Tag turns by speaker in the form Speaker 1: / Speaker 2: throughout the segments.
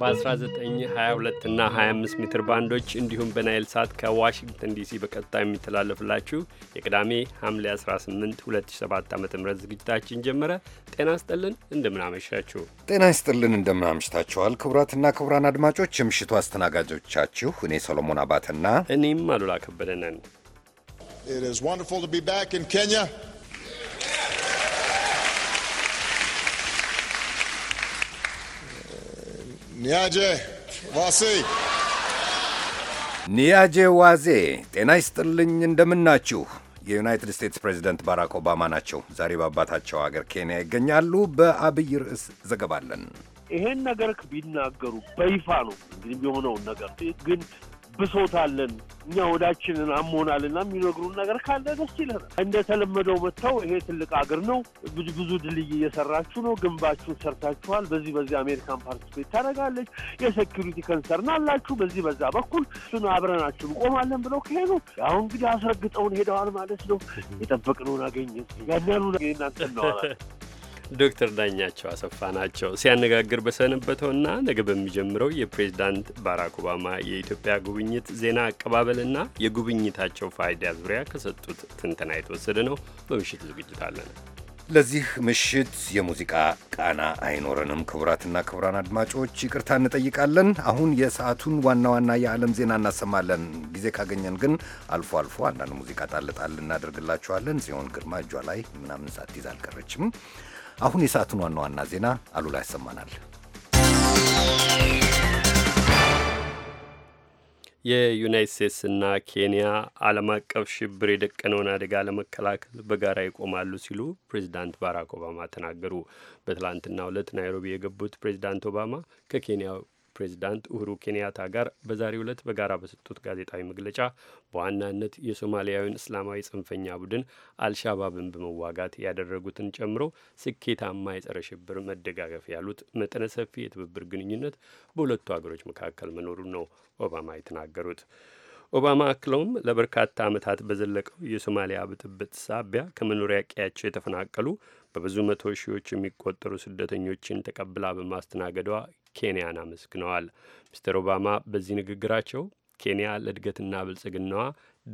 Speaker 1: በ1922 እና 25 ሜትር ባንዶች እንዲሁም በናይል ሳት ከዋሽንግተን ዲሲ በቀጥታ የሚተላለፍላችሁ የቅዳሜ ሐምሌ 18 2007 ዓ ም ዝግጅታችን ጀመረ። ጤና ይስጥልን፣ እንደምናመሻችሁ።
Speaker 2: ጤና ይስጥልን፣ እንደምናመሽታችኋል። ክቡራትና ክቡራን አድማጮች የምሽቱ አስተናጋጆቻችሁ እኔ ሰሎሞን አባተና እኔም አሉላ ከበደ ነን።
Speaker 3: It is wonderful to be back in Kenya. ኒያጄ
Speaker 4: ዋሴ
Speaker 2: ኒያጄ ዋዜ ጤና ይስጥልኝ፣ እንደምናችሁ። የዩናይትድ ስቴትስ ፕሬዚደንት ባራክ ኦባማ ናቸው። ዛሬ በአባታቸው አገር ኬንያ ይገኛሉ። በአብይ ርዕስ ዘገባለን።
Speaker 5: ይሄን ነገር ቢናገሩ በይፋ ነው እንግዲህ የሆነውን ነገር ግን ብሶታለን እኛ ወዳችንን አሞናልና የሚነግሩን ነገር ካለ ደስ ይለናል። እንደተለመደው መጥተው ይሄ ትልቅ አገር ነው፣ ብዙ ብዙ ድልድይ እየሰራችሁ ነው፣ ግንባችሁን ሰርታችኋል፣ በዚህ በዚህ አሜሪካን ፓርቲስፔት ታደርጋለች፣ የሴኪሪቲ ከንሰርን አላችሁ፣ በዚህ በዛ በኩል እሱን አብረናችሁ እንቆማለን ብለው ከሄዱ አሁን እንግዲህ አስረግጠውን ሄደዋል ማለት ነው። የጠበቅነውን አገኘን። ያንያኑ እናንተ ነዋላል
Speaker 1: ዶክተር ዳኛቸው አሰፋ ናቸው። ሲያነጋግር በሰነበተውና ነገ በሚጀምረው የፕሬዝዳንት ባራክ ኦባማ የኢትዮጵያ ጉብኝት ዜና አቀባበልና የጉብኝታቸው ፋይዳ ዙሪያ ከሰጡት ትንተና የተወሰደ ነው። በምሽት ዝግጅት አለን።
Speaker 2: ለዚህ ምሽት የሙዚቃ ቃና
Speaker 1: አይኖረንም። ክቡራትና
Speaker 2: ክቡራን አድማጮች ይቅርታ እንጠይቃለን። አሁን የሰዓቱን ዋና ዋና የዓለም ዜና እናሰማለን። ጊዜ ካገኘን ግን አልፎ አልፎ አንዳንድ ሙዚቃ ጣልጣል እናደርግላችኋለን። ጽዮን ግርማ እጇ ላይ ምናምን ሰዓት ይዛ አልቀረችም። አሁን የሰዓቱን ዋና ዋና ዜና አሉላ ያሰማናል።
Speaker 1: የዩናይት ስቴትስና ኬንያ ዓለም አቀፍ ሽብር የደቀነውን አደጋ ለመከላከል በጋራ ይቆማሉ ሲሉ ፕሬዚዳንት ባራክ ኦባማ ተናገሩ። በትላንትናው ዕለት ናይሮቢ የገቡት ፕሬዚዳንት ኦባማ ከኬንያው ፕሬዚዳንት ኡሁሩ ኬንያታ ጋር በዛሬው ዕለት በጋራ በሰጡት ጋዜጣዊ መግለጫ በዋናነት የሶማሊያዊን እስላማዊ ጽንፈኛ ቡድን አልሻባብን በመዋጋት ያደረጉትን ጨምሮ ስኬታማ የጸረ ሽብር መደጋገፍ ያሉት መጠነ ሰፊ የትብብር ግንኙነት በሁለቱ ሀገሮች መካከል መኖሩን ነው ኦባማ የተናገሩት። ኦባማ አክለውም ለበርካታ ዓመታት በዘለቀው የሶማሊያ ብጥብጥ ሳቢያ ከመኖሪያ ቀያቸው የተፈናቀሉ በብዙ መቶ ሺዎች የሚቆጠሩ ስደተኞችን ተቀብላ በማስተናገዷ ኬንያን አመስግነዋል። ሚስተር ኦባማ በዚህ ንግግራቸው ኬንያ ለእድገትና ብልጽግናዋ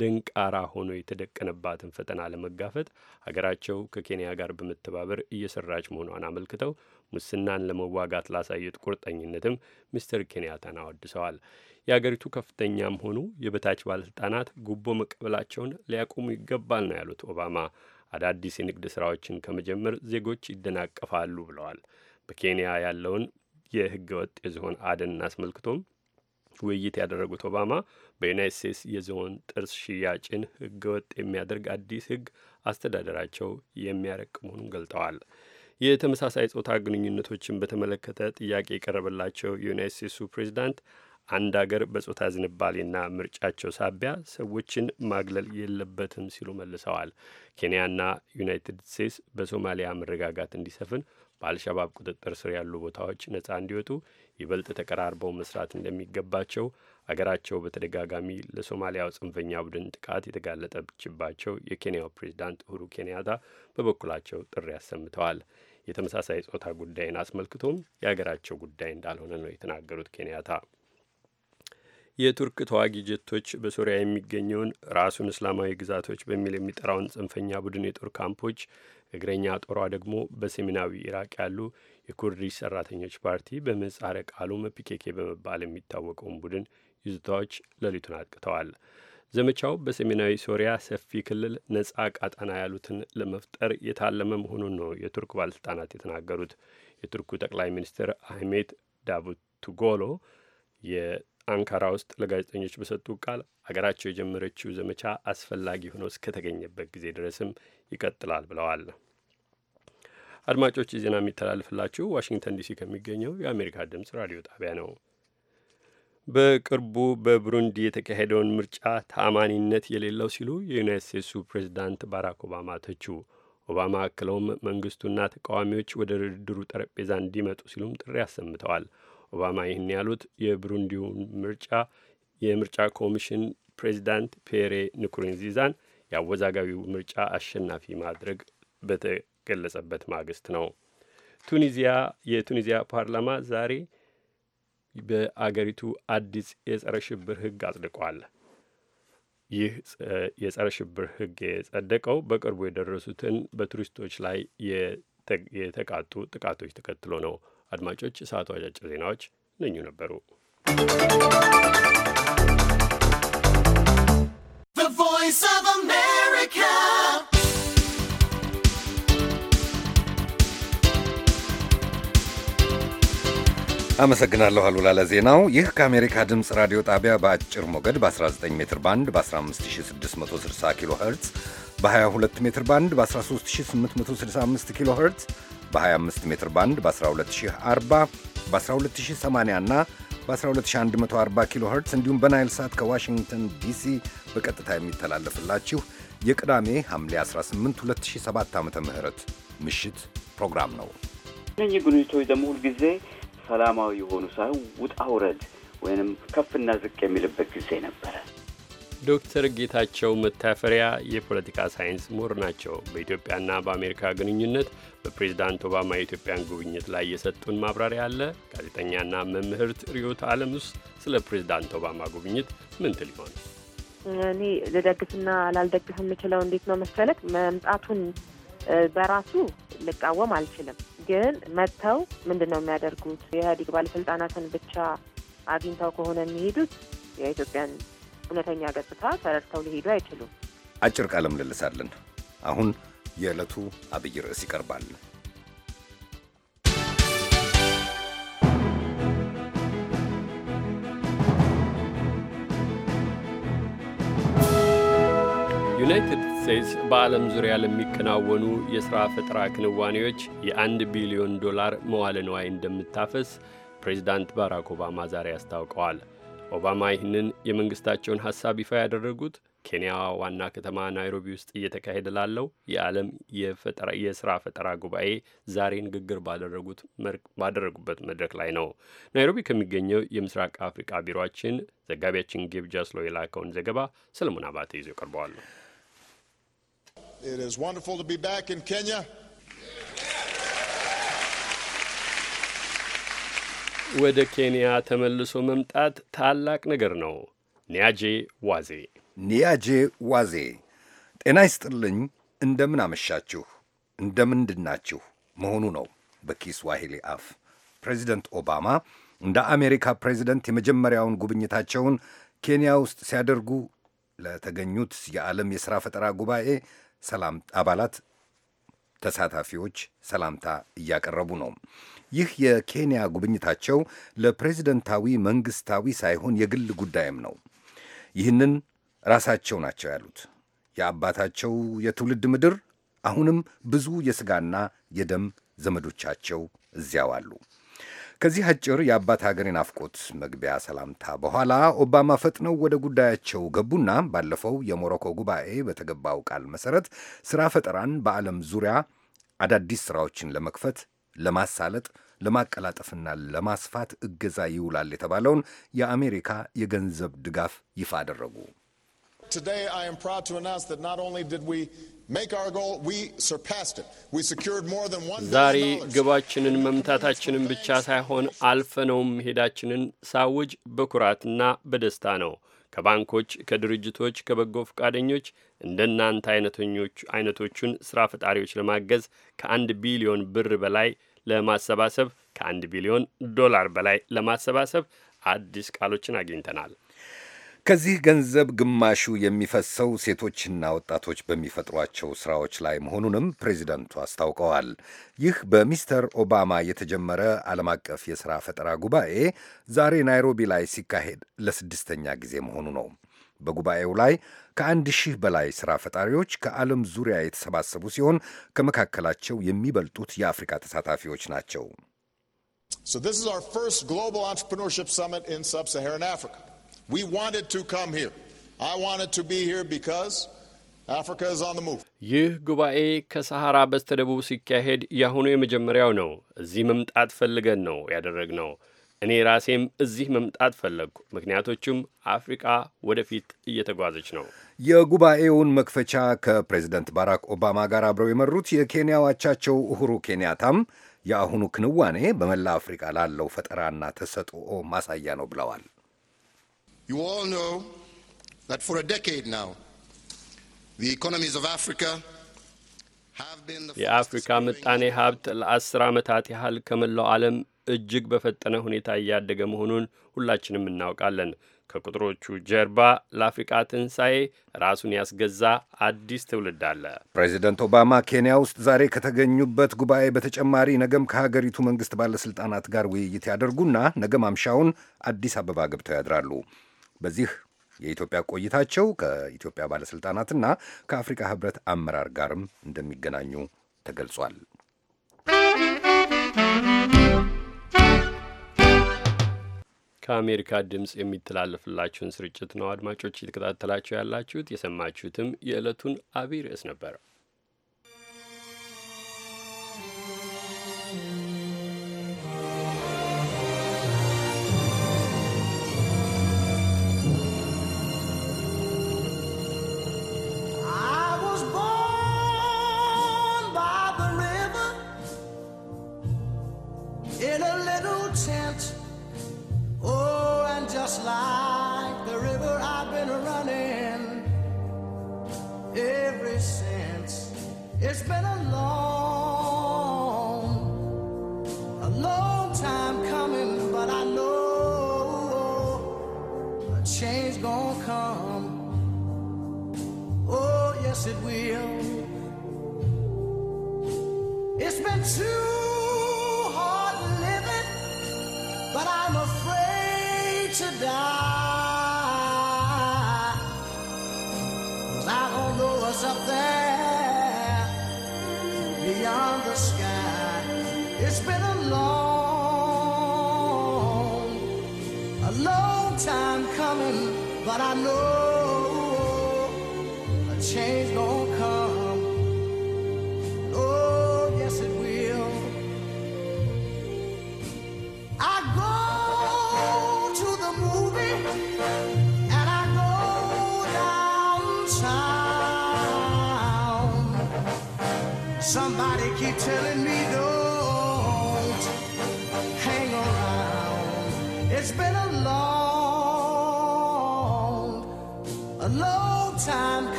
Speaker 1: ደንቃራ ሆኖ የተደቀነባትን ፈተና ለመጋፈጥ ሀገራቸው ከኬንያ ጋር በመተባበር እየሰራች መሆኗን አመልክተው ሙስናን ለመዋጋት ላሳየት ቁርጠኝነትም ሚስተር ኬንያታን አወድሰዋል። የአገሪቱ ከፍተኛም ሆኑ የበታች ባለስልጣናት ጉቦ መቀበላቸውን ሊያቆሙ ይገባል ነው ያሉት ኦባማ። አዳዲስ የንግድ ስራዎችን ከመጀመር ዜጎች ይደናቀፋሉ ብለዋል። በኬንያ ያለውን የህገወጥ የዝሆን አደንን አስመልክቶም ውይይት ያደረጉት ኦባማ በዩናይት ስቴትስ የዝሆን ጥርስ ሽያጭን ህገወጥ የሚያደርግ አዲስ ህግ አስተዳደራቸው የሚያረቅ መሆኑን ገልጠዋል። የተመሳሳይ ጾታ ግንኙነቶችን በተመለከተ ጥያቄ የቀረበላቸው የዩናይት ስቴትሱ ፕሬዚዳንት አንድ አገር በጾታ ዝንባሌና ምርጫቸው ሳቢያ ሰዎችን ማግለል የለበትም ሲሉ መልሰዋል። ኬንያና ዩናይትድ ስቴትስ በሶማሊያ መረጋጋት እንዲሰፍን በአልሸባብ ቁጥጥር ስር ያሉ ቦታዎች ነጻ እንዲወጡ ይበልጥ ተቀራርበው መስራት እንደሚገባቸው አገራቸው በተደጋጋሚ ለሶማሊያው ጽንፈኛ ቡድን ጥቃት የተጋለጠችባቸው የኬንያው ፕሬዚዳንት ኡሁሩ ኬንያታ በበኩላቸው ጥሪ አሰምተዋል። የተመሳሳይ ጾታ ጉዳይን አስመልክቶም የአገራቸው ጉዳይ እንዳልሆነ ነው የተናገሩት ኬንያታ የቱርክ ተዋጊ ጀቶች በሶሪያ የሚገኘውን ራሱን እስላማዊ ግዛቶች በሚል የሚጠራውን ጽንፈኛ ቡድን የጦር ካምፖች፣ እግረኛ ጦሯ ደግሞ በሰሜናዊ ኢራቅ ያሉ የኩርዲሽ ሰራተኞች ፓርቲ በምህጻረ ቃሉም ፒኬኬ በመባል የሚታወቀውን ቡድን ይዞታዎች ሌሊቱን አጥቅተዋል። ዘመቻው በሰሜናዊ ሶሪያ ሰፊ ክልል ነጻ ቃጣና ያሉትን ለመፍጠር የታለመ መሆኑን ነው የቱርክ ባለስልጣናት የተናገሩት። የቱርኩ ጠቅላይ ሚኒስትር አህሜት ዳቡትጎሎ አንካራ ውስጥ ለጋዜጠኞች በሰጡ ቃል አገራቸው የጀመረችው ዘመቻ አስፈላጊ ሆኖ እስከተገኘበት ጊዜ ድረስም ይቀጥላል ብለዋል። አድማጮች ዜና የሚተላለፍላችሁ ዋሽንግተን ዲሲ ከሚገኘው የአሜሪካ ድምጽ ራዲዮ ጣቢያ ነው። በቅርቡ በብሩንዲ የተካሄደውን ምርጫ ተአማኒነት የሌለው ሲሉ የዩናይት ስቴትሱ ፕሬዚዳንት ባራክ ኦባማ ተቹ። ኦባማ አክለውም መንግስቱና ተቃዋሚዎች ወደ ድርድሩ ጠረጴዛ እንዲመጡ ሲሉም ጥሪ አሰምተዋል። ኦባማ ይህን ያሉት የብሩንዲውን ምርጫ የምርጫ ኮሚሽን ፕሬዚዳንት ፔሬ ንኩሩንዚዛን የአወዛጋቢው ምርጫ አሸናፊ ማድረግ በተገለጸበት ማግስት ነው። ቱኒዚያ የቱኒዚያ ፓርላማ ዛሬ በአገሪቱ አዲስ የጸረ ሽብር ህግ አጽድቋል። ይህ የጸረ ሽብር ህግ የጸደቀው በቅርቡ የደረሱትን በቱሪስቶች ላይ የተቃጡ ጥቃቶች ተከትሎ ነው። አድማጮች፣ የሰዓቱ አጫጭር ዜናዎች እነኙ ነበሩ።
Speaker 2: አመሰግናለሁ አሉላ ለዜናው። ይህ ከአሜሪካ ድምፅ ራዲዮ ጣቢያ በአጭር ሞገድ በ19 ሜትር ባንድ በ15660 ኪሎ ኸርትዝ በ22 ሜትር ባንድ በ13865 ኪሎ ኸርትዝ በ25 ሜትር ባንድ በ12040 በ12080 እና በ12140 ኪሎ ኸርትዝ እንዲሁም በናይል ሳት ከዋሽንግተን ዲሲ በቀጥታ የሚተላለፍላችሁ የቅዳሜ ሐምሌ 18 2007 ዓ ም ምሽት
Speaker 1: ፕሮግራም ነው።
Speaker 6: እነኚህ ግንኙቶች ደግሞ ሁልጊዜ ሰላማዊ የሆኑ ሳይሆን ውጣ ውረድ ወይንም ከፍና ዝቅ የሚልበት ጊዜ ነበረ።
Speaker 1: ዶክተር ጌታቸው መታፈሪያ የፖለቲካ ሳይንስ ምሁር ናቸው። በኢትዮጵያና በአሜሪካ ግንኙነት በፕሬዝዳንት ኦባማ የኢትዮጵያን ጉብኝት ላይ የሰጡን ማብራሪያ አለ። ጋዜጠኛና መምህርት ርዕዮት ዓለም ውስጥ ስለ ፕሬዝዳንት ኦባማ ጉብኝት ምን ትል ይሆን?
Speaker 3: እኔ ልደግፍና ላልደግፍ የምችለው እንዴት ነው መሰለክ፣ መምጣቱን በራሱ ልቃወም አልችልም። ግን መጥተው ምንድን ነው የሚያደርጉት? የኢህአዴግ ባለስልጣናትን ብቻ አግኝተው ከሆነ የሚሄዱት የኢትዮጵያን እውነተኛ ገጽታ ተረድተው ሊሄዱ አይችሉም።
Speaker 2: አጭር ቃለ ምልልስ አለን። አሁን የዕለቱ አብይ ርዕስ ይቀርባል።
Speaker 1: ዩናይትድ ስቴትስ በዓለም ዙሪያ ለሚከናወኑ የሥራ ፈጠራ ክንዋኔዎች የአንድ ቢሊዮን ዶላር መዋለ ንዋይ እንደምታፈስ ፕሬዚዳንት ባራክ ኦባማ ዛሬ አስታውቀዋል። ኦባማ ይህንን የመንግስታቸውን ሀሳብ ይፋ ያደረጉት ኬንያ ዋና ከተማ ናይሮቢ ውስጥ እየተካሄደ ላለው የዓለም የስራ ፈጠራ ጉባኤ ዛሬ ንግግር ባደረጉበት መድረክ ላይ ነው። ናይሮቢ ከሚገኘው የምስራቅ አፍሪቃ ቢሮችን ዘጋቢያችን ጌብጃ ስሎ የላከውን ዘገባ ሰለሞን አባተ ይዞ ቀርበዋል። ወደ ኬንያ ተመልሶ መምጣት ታላቅ ነገር ነው። ኒያጄ ዋዜ
Speaker 2: ኒያጄ ዋዜ ጤና ይስጥልኝ። እንደምን አመሻችሁ፣ እንደምንድናችሁ መሆኑ ነው በኪስዋሂሊ አፍ። ፕሬዚደንት ኦባማ እንደ አሜሪካ ፕሬዚደንት የመጀመሪያውን ጉብኝታቸውን ኬንያ ውስጥ ሲያደርጉ ለተገኙት የዓለም የሥራ ፈጠራ ጉባኤ ሰላም አባላት ተሳታፊዎች ሰላምታ እያቀረቡ ነው። ይህ የኬንያ ጉብኝታቸው ለፕሬዚደንታዊ መንግስታዊ ሳይሆን የግል ጉዳይም ነው። ይህንን ራሳቸው ናቸው ያሉት። የአባታቸው የትውልድ ምድር አሁንም ብዙ የሥጋና የደም ዘመዶቻቸው እዚያው አሉ። ከዚህ አጭር የአባት ሀገር የናፍቆት መግቢያ ሰላምታ በኋላ ኦባማ ፈጥነው ወደ ጉዳያቸው ገቡና ባለፈው የሞሮኮ ጉባኤ በተገባው ቃል መሰረት ሥራ ፈጠራን በዓለም ዙሪያ አዳዲስ ሥራዎችን ለመክፈት ለማሳለጥ ለማቀላጠፍና ለማስፋት እገዛ ይውላል የተባለውን የአሜሪካ የገንዘብ ድጋፍ ይፋ አደረጉ።
Speaker 4: ዛሬ
Speaker 1: ግባችንን መምታታችንን ብቻ ሳይሆን አልፈነውም መሄዳችንን ሳውጅ በኩራትና በደስታ ነው። ከባንኮች፣ ከድርጅቶች፣ ከበጎ ፈቃደኞች እናንተ አይነቶቹን ስራ ፈጣሪዎች ለማገዝ ከአንድ ቢሊዮን ብር በላይ ለማሰባሰብ ከአንድ ቢሊዮን ዶላር በላይ ለማሰባሰብ አዲስ ቃሎችን አግኝተናል።
Speaker 2: ከዚህ ገንዘብ ግማሹ የሚፈሰው ሴቶችና ወጣቶች በሚፈጥሯቸው ስራዎች ላይ መሆኑንም ፕሬዚደንቱ አስታውቀዋል። ይህ በሚስተር ኦባማ የተጀመረ ዓለም አቀፍ የሥራ ፈጠራ ጉባኤ ዛሬ ናይሮቢ ላይ ሲካሄድ ለስድስተኛ ጊዜ መሆኑ ነው። በጉባኤው ላይ ከአንድ ሺህ በላይ ሥራ ፈጣሪዎች ከዓለም ዙሪያ የተሰባሰቡ ሲሆን ከመካከላቸው የሚበልጡት የአፍሪካ ተሳታፊዎች ናቸው።
Speaker 1: ይህ ጉባኤ ከሰሐራ በስተደቡብ ሲካሄድ ያሁኑ የመጀመሪያው ነው። እዚህ መምጣት ፈልገን ነው ያደረግነው። እኔ ራሴም እዚህ መምጣት ፈለግኩ። ምክንያቶቹም አፍሪቃ ወደፊት እየተጓዘች ነው።
Speaker 2: የጉባኤውን መክፈቻ ከፕሬዚደንት ባራክ ኦባማ ጋር አብረው የመሩት የኬንያዋቻቸው አቻቸው ኡሁሩ ኬንያታም የአሁኑ ክንዋኔ በመላ አፍሪቃ ላለው ፈጠራና ተሰጥኦ ማሳያ ነው
Speaker 1: ብለዋል። የአፍሪካ ምጣኔ ሀብት ለአስር ዓመታት ያህል ከመላው ዓለም እጅግ በፈጠነ ሁኔታ እያደገ መሆኑን ሁላችንም እናውቃለን። ከቁጥሮቹ ጀርባ ለአፍሪቃ ትንሣኤ ራሱን ያስገዛ አዲስ ትውልድ አለ።
Speaker 2: ፕሬዚደንት ኦባማ ኬንያ ውስጥ ዛሬ ከተገኙበት ጉባኤ በተጨማሪ ነገም ከሀገሪቱ መንግሥት ባለሥልጣናት ጋር ውይይት ያደርጉና ነገ ማምሻውን አዲስ አበባ ገብተው ያድራሉ። በዚህ የኢትዮጵያ ቆይታቸው ከኢትዮጵያ ባለሥልጣናትና ከአፍሪካ ሕብረት አመራር ጋርም እንደሚገናኙ ተገልጿል።
Speaker 1: ከአሜሪካ ድምፅ የሚተላለፍላችሁን ስርጭት ነው አድማጮች እየተከታተላችሁ ያላችሁት። የሰማችሁትም የዕለቱን አብይ ርዕስ ነበር።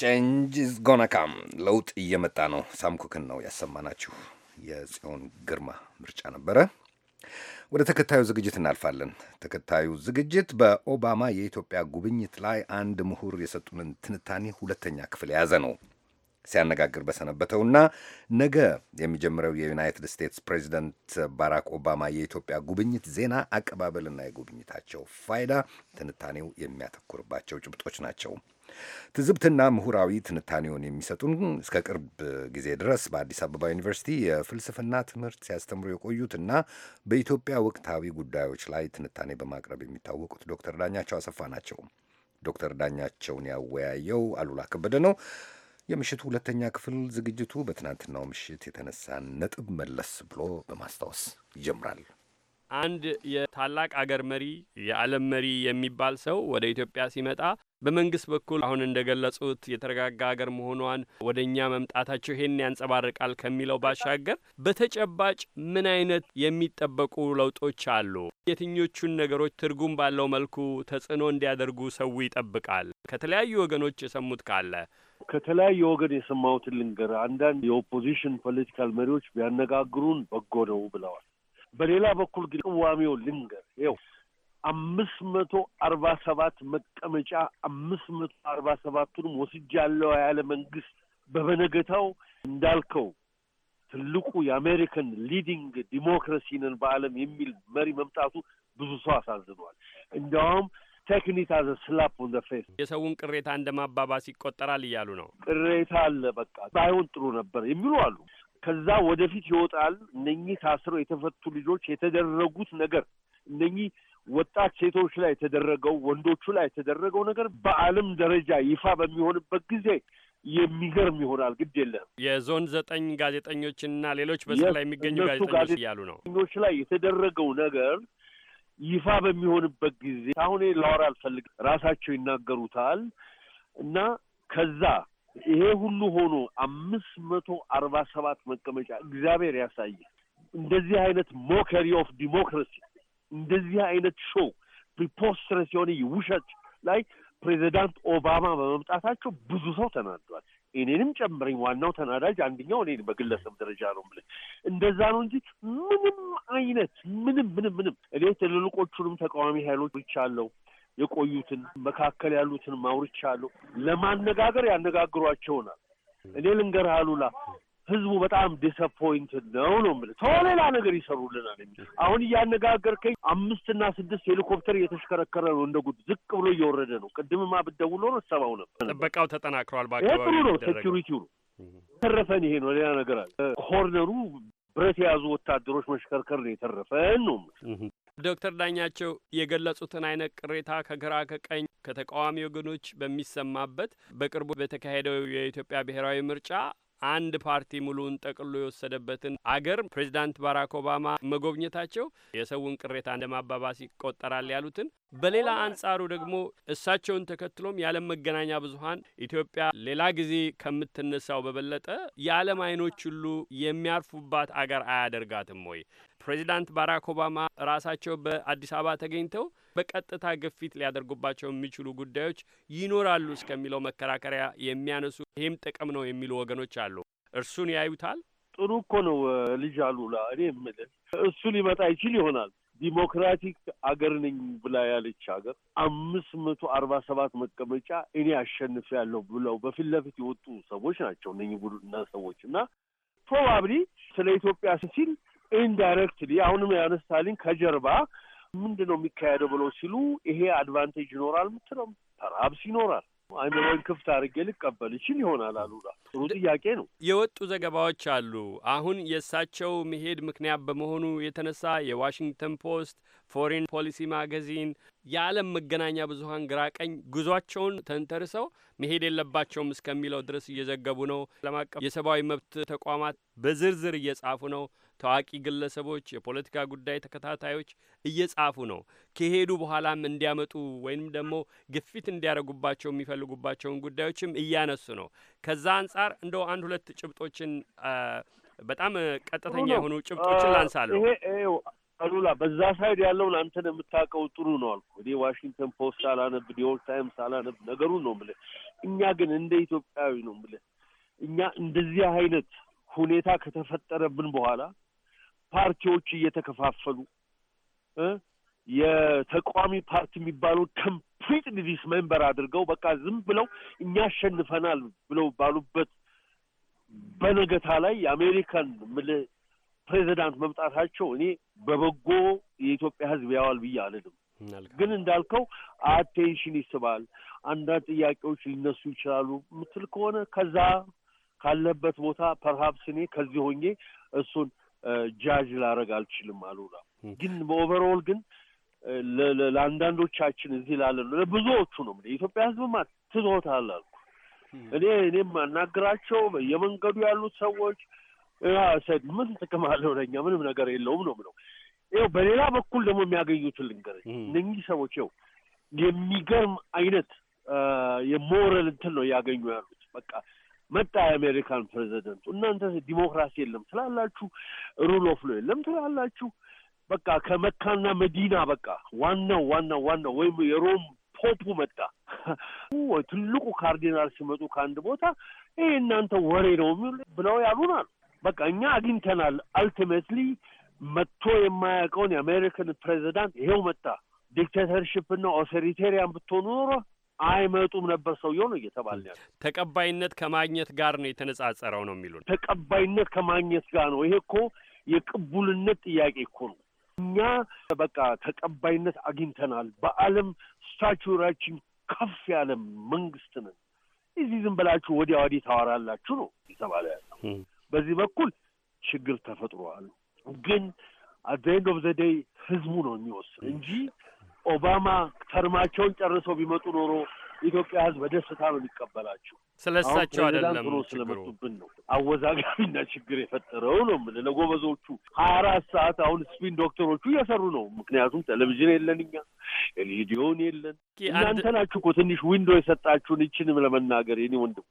Speaker 2: ቼንጅ ኢዝ ጎና ካም ለውጥ እየመጣ ነው። ሳምኩክን ነው ያሰማናችሁ። የጽዮን ግርማ ምርጫ ነበረ። ወደ ተከታዩ ዝግጅት እናልፋለን። ተከታዩ ዝግጅት በኦባማ የኢትዮጵያ ጉብኝት ላይ አንድ ምሁር የሰጡንን ትንታኔ ሁለተኛ ክፍል የያዘ ነው። ሲያነጋግር በሰነበተውና ነገ የሚጀምረው የዩናይትድ ስቴትስ ፕሬዚደንት ባራክ ኦባማ የኢትዮጵያ ጉብኝት ዜና አቀባበልና የጉብኝታቸው ፋይዳ ትንታኔው የሚያተኩርባቸው ጭብጦች ናቸው። ትዝብትና ምሁራዊ ትንታኔውን የሚሰጡን እስከ ቅርብ ጊዜ ድረስ በአዲስ አበባ ዩኒቨርሲቲ የፍልስፍና ትምህርት ሲያስተምሩ የቆዩትና በኢትዮጵያ ወቅታዊ ጉዳዮች ላይ ትንታኔ በማቅረብ የሚታወቁት ዶክተር ዳኛቸው አሰፋ ናቸው። ዶክተር ዳኛቸውን ያወያየው አሉላ ከበደ ነው። የምሽቱ ሁለተኛ ክፍል ዝግጅቱ በትናንትናው ምሽት የተነሳ ነጥብ መለስ ብሎ በማስታወስ ይጀምራል።
Speaker 1: አንድ የታላቅ አገር መሪ የዓለም መሪ የሚባል ሰው ወደ ኢትዮጵያ ሲመጣ በመንግስት በኩል አሁን እንደገለጹት የተረጋጋ ሀገር መሆኗን ወደ እኛ መምጣታቸው ይሄን ያንጸባርቃል ከሚለው ባሻገር በተጨባጭ ምን አይነት የሚጠበቁ ለውጦች አሉ? የትኞቹን ነገሮች ትርጉም ባለው መልኩ ተጽዕኖ እንዲያደርጉ ሰው ይጠብቃል? ከተለያዩ ወገኖች
Speaker 5: የሰሙት ካለ ከተለያየ ወገን የሰማሁትን ልንገር። አንዳንድ የኦፖዚሽን ፖለቲካል መሪዎች ቢያነጋግሩን በጎ ነው ብለዋል። በሌላ በኩል ግን ቅዋሜው ልንገር ይኸው አምስት መቶ አርባ ሰባት መቀመጫ አምስት መቶ አርባ ሰባቱንም ወስጃለሁ ያለ መንግስት በበነገታው እንዳልከው ትልቁ የአሜሪካን ሊዲንግ ዲሞክራሲ ነን በዓለም የሚል መሪ መምጣቱ ብዙ ሰው አሳዝኗል። እንዲያውም ቴክኒት አዘ ስላፕ ኦን ዘ ፌስ
Speaker 1: የሰውን ቅሬታ እንደማባባስ ይቆጠራል እያሉ ነው።
Speaker 5: ቅሬታ አለ በቃ ባይሆን ጥሩ ነበር የሚሉ አሉ። ከዛ ወደፊት ይወጣል። እነኚህ ታስረው የተፈቱ ልጆች የተደረጉት ነገር እነኚህ ወጣት ሴቶች ላይ የተደረገው ወንዶቹ ላይ የተደረገው ነገር በዓለም ደረጃ ይፋ በሚሆንበት ጊዜ የሚገርም ይሆናል። ግድ የለም
Speaker 1: የዞን ዘጠኝ ጋዜጠኞችና ሌሎች በስ ላይ የሚገኙ ጋዜጠኞች እያሉ ነው
Speaker 5: ጋዜጠኞች ላይ የተደረገው ነገር ይፋ በሚሆንበት ጊዜ አሁን ላወራ አልፈልግም፣ ራሳቸው ይናገሩታል እና ከዛ ይሄ ሁሉ ሆኖ አምስት መቶ አርባ ሰባት መቀመጫ እግዚአብሔር ያሳየ እንደዚህ አይነት ሞከሪ ኦፍ ዲሞክራሲ እንደዚህ አይነት ሾው ፕሪፖስትረስ የሆነ ውሸት ላይ ፕሬዚዳንት ኦባማ በመምጣታቸው ብዙ ሰው ተናዷል። እኔንም ጨምረኝ ዋናው ተናዳጅ አንደኛው እኔ በግለሰብ ደረጃ ነው የምልህ። እንደዛ ነው እንጂ ምንም አይነት ምንም ምንም ምንም እኔ ትልልቆቹንም ተቃዋሚ ኃይሎች ብቻለሁ የቆዩትን መካከል ያሉትን አውርቻለሁ። ለማነጋገር ያነጋግሯቸውናል። እኔ ልንገርህ አሉላ ህዝቡ በጣም ዲስአፖይንትድ ነው ነው የምልህ። ተወው ሌላ ነገር ይሰሩልናል የሚል አሁን እያነጋገርከኝ አምስትና ስድስት ሄሊኮፕተር እየተሽከረከረ ነው እንደ ጉድ ዝቅ ብሎ እየወረደ ነው። ቅድምማ ብትደውል ኖሮ ሰማው ነበር።
Speaker 1: ጥበቃው ተጠናክሯል። በአካባቢ ጥሩ ነው።
Speaker 5: ሴኪሪቲው ነው ተረፈን። ይሄ ነው ሌላ ነገር አለ። ኮርነሩ ብረት የያዙ ወታደሮች መሽከርከር ነው የተረፈን ነው
Speaker 1: ዶክተር ዳኛቸው የገለጹትን አይነት ቅሬታ ከግራ ከቀኝ ከተቃዋሚ ወገኖች በሚሰማበት በቅርቡ በተካሄደው የኢትዮጵያ ብሔራዊ ምርጫ አንድ ፓርቲ ሙሉውን ጠቅሎ የወሰደበትን አገር ፕሬዚዳንት ባራክ ኦባማ መጎብኘታቸው የሰውን ቅሬታ ማባባስ ይቆጠራል ያሉትን፣ በሌላ አንጻሩ ደግሞ እሳቸውን ተከትሎም የዓለም መገናኛ ብዙኃን ኢትዮጵያ ሌላ ጊዜ ከምትነሳው በበለጠ የዓለም አይኖች ሁሉ የሚያርፉባት አገር አያደርጋትም ወይ? ፕሬዚዳንት ባራክ ኦባማ ራሳቸው በአዲስ አበባ ተገኝተው በቀጥታ ግፊት ሊያደርጉባቸው የሚችሉ ጉዳዮች ይኖራሉ እስከሚለው መከራከሪያ የሚያነሱ ይህም ጥቅም ነው የሚሉ ወገኖች አሉ። እርሱን ያዩታል።
Speaker 5: ጥሩ እኮ ነው ልጅ አሉላ። እኔ የምልህ እሱ ሊመጣ ይችል ይሆናል። ዲሞክራቲክ አገር ነኝ ብላ ያለች ሀገር አምስት መቶ አርባ ሰባት መቀመጫ እኔ አሸንፍ አሸንፊያለሁ ብለው በፊት ለፊት የወጡ ሰዎች ናቸው እነ ቡድና ሰዎች እና ፕሮባብሊ ስለ ኢትዮጵያ ሲል ኢንዳይሬክትሊ አሁንም ያነ ስታሊን ከጀርባ ምንድን ነው የሚካሄደው ብለው ሲሉ ይሄ አድቫንቴጅ ይኖራል ምትለው ተራብስ ይኖራል። አይምሮን ክፍት አድርጌ ልቀበል ይችል ይሆናል አሉላ። ጥሩ ጥያቄ ነው።
Speaker 1: የወጡ ዘገባዎች አሉ። አሁን የእሳቸው መሄድ ምክንያት በመሆኑ የተነሳ የዋሽንግተን ፖስት፣ ፎሬን ፖሊሲ ማጋዚን፣ የዓለም መገናኛ ብዙሀን ግራቀኝ ጉዟቸውን ተንተርሰው መሄድ የለባቸውም እስከሚለው ድረስ እየዘገቡ ነው። ዓለም አቀፍ የሰብአዊ መብት ተቋማት በዝርዝር እየጻፉ ነው። ታዋቂ ግለሰቦች፣ የፖለቲካ ጉዳይ ተከታታዮች እየጻፉ ነው። ከሄዱ በኋላም እንዲያመጡ ወይም ደግሞ ግፊት እንዲያደርጉባቸው የሚፈልጉባቸውን ጉዳዮችም እያነሱ ነው። ከዛ አንጻር እንደ አንድ ሁለት ጭብጦችን በጣም ቀጥተኛ የሆኑ ጭብጦችን ላንሳለሁ።
Speaker 5: አሉላ በዛ ሳይድ ያለውን አንተን የምታውቀው ጥሩ ነው አልኩ። እኔ ዋሽንግተን ፖስት አላነብ፣ ኒውዮርክ ታይምስ አላነብ፣ ነገሩን ነው የምልህ። እኛ ግን እንደ ኢትዮጵያዊ ነው የምልህ እኛ እንደዚህ አይነት ሁኔታ ከተፈጠረብን በኋላ ፓርቲዎች እየተከፋፈሉ የተቃዋሚ ፓርቲ የሚባለው ኮምፕሊትሊ መንበር አድርገው በቃ ዝም ብለው እኛ አሸንፈናል ብለው ባሉበት በነገታ ላይ የአሜሪካን ምል ፕሬዚዳንት መምጣታቸው እኔ በበጎ የኢትዮጵያ ሕዝብ ያዋል ብዬ አልልም። ግን እንዳልከው አቴንሽን ይስባል። አንዳንድ ጥያቄዎች ሊነሱ ይችላሉ ምትል ከሆነ ከዛ ካለበት ቦታ ፐርሃፕስ እኔ ከዚህ ሆኜ እሱን ጃጅ ላረግ አልችልም። አሉላ ግን በኦቨርኦል ግን ለአንዳንዶቻችን እዚህ ላለ ለብዙዎቹ ነው የኢትዮጵያ ህዝብ ማ ትቶታል አልኩ። እኔ እኔም ማናግራቸው የመንገዱ ያሉት ሰዎች ሰድ ምን ጥቅም አለው ለእኛ ምንም ነገር የለውም ነው ምነው። ይኸው በሌላ በኩል ደግሞ የሚያገኙት ልንገር እነኚህ ሰዎች ው የሚገርም አይነት የሞረል እንትን ነው እያገኙ ያሉት በቃ መጣ የአሜሪካን ፕሬዚደንቱ። እናንተ ዲሞክራሲ የለም ትላላችሁ፣ ሩል ኦፍ ሎ የለም ትላላችሁ። በቃ ከመካና መዲና በቃ ዋናው ዋናው ዋናው ወይም የሮም ፖፑ መጣ። ትልቁ ካርዲናል ሲመጡ ከአንድ ቦታ ይሄ እናንተ ወሬ ነው የሚሉ ብለው ያሉናል። በቃ እኛ አግኝተናል። አልቲሜትሊ መጥቶ የማያውቀውን የአሜሪካን ፕሬዚዳንት ይሄው መጣ። ዲክቴተርሽፕና ኦቶሪቴሪያን ብትሆኑ ኖሮ አይመጡም ነበር ሰውየው ነው እየተባለ ያለ
Speaker 1: ተቀባይነት ከማግኘት ጋር ነው የተነጻጸረው ነው የሚሉን።
Speaker 5: ተቀባይነት ከማግኘት ጋር ነው። ይሄ እኮ የቅቡልነት ጥያቄ እኮ ነው። እኛ በቃ ተቀባይነት አግኝተናል። በአለም ስታቹራችን ከፍ ያለ መንግስት ነን። እዚህ ዝም ብላችሁ ወዲያ ወዲህ ታወራላችሁ ነው እየተባለ ያለው። በዚህ በኩል ችግር ተፈጥሯል። ግን አዘይንዶ ዘዴ ህዝቡ ነው የሚወስን እንጂ ኦባማ ተርማቸውን ጨርሰው ቢመጡ ኖሮ ኢትዮጵያ ሕዝብ በደስታ ነው ሊቀበላቸው። ስለ እሳቸው አይደለም ስለመጡብን ነው አወዛጋቢና ችግር የፈጠረው ነው ምን ለጎበዞቹ ሀያ አራት ሰዓት አሁን ስፒን ዶክተሮቹ እየሰሩ ነው። ምክንያቱም ቴሌቪዥን የለን እኛ ሬዲዮን የለን እናንተ ናችሁ እኮ ትንሽ ዊንዶ የሰጣችሁን ይችንም ለመናገር የኔ ወንድም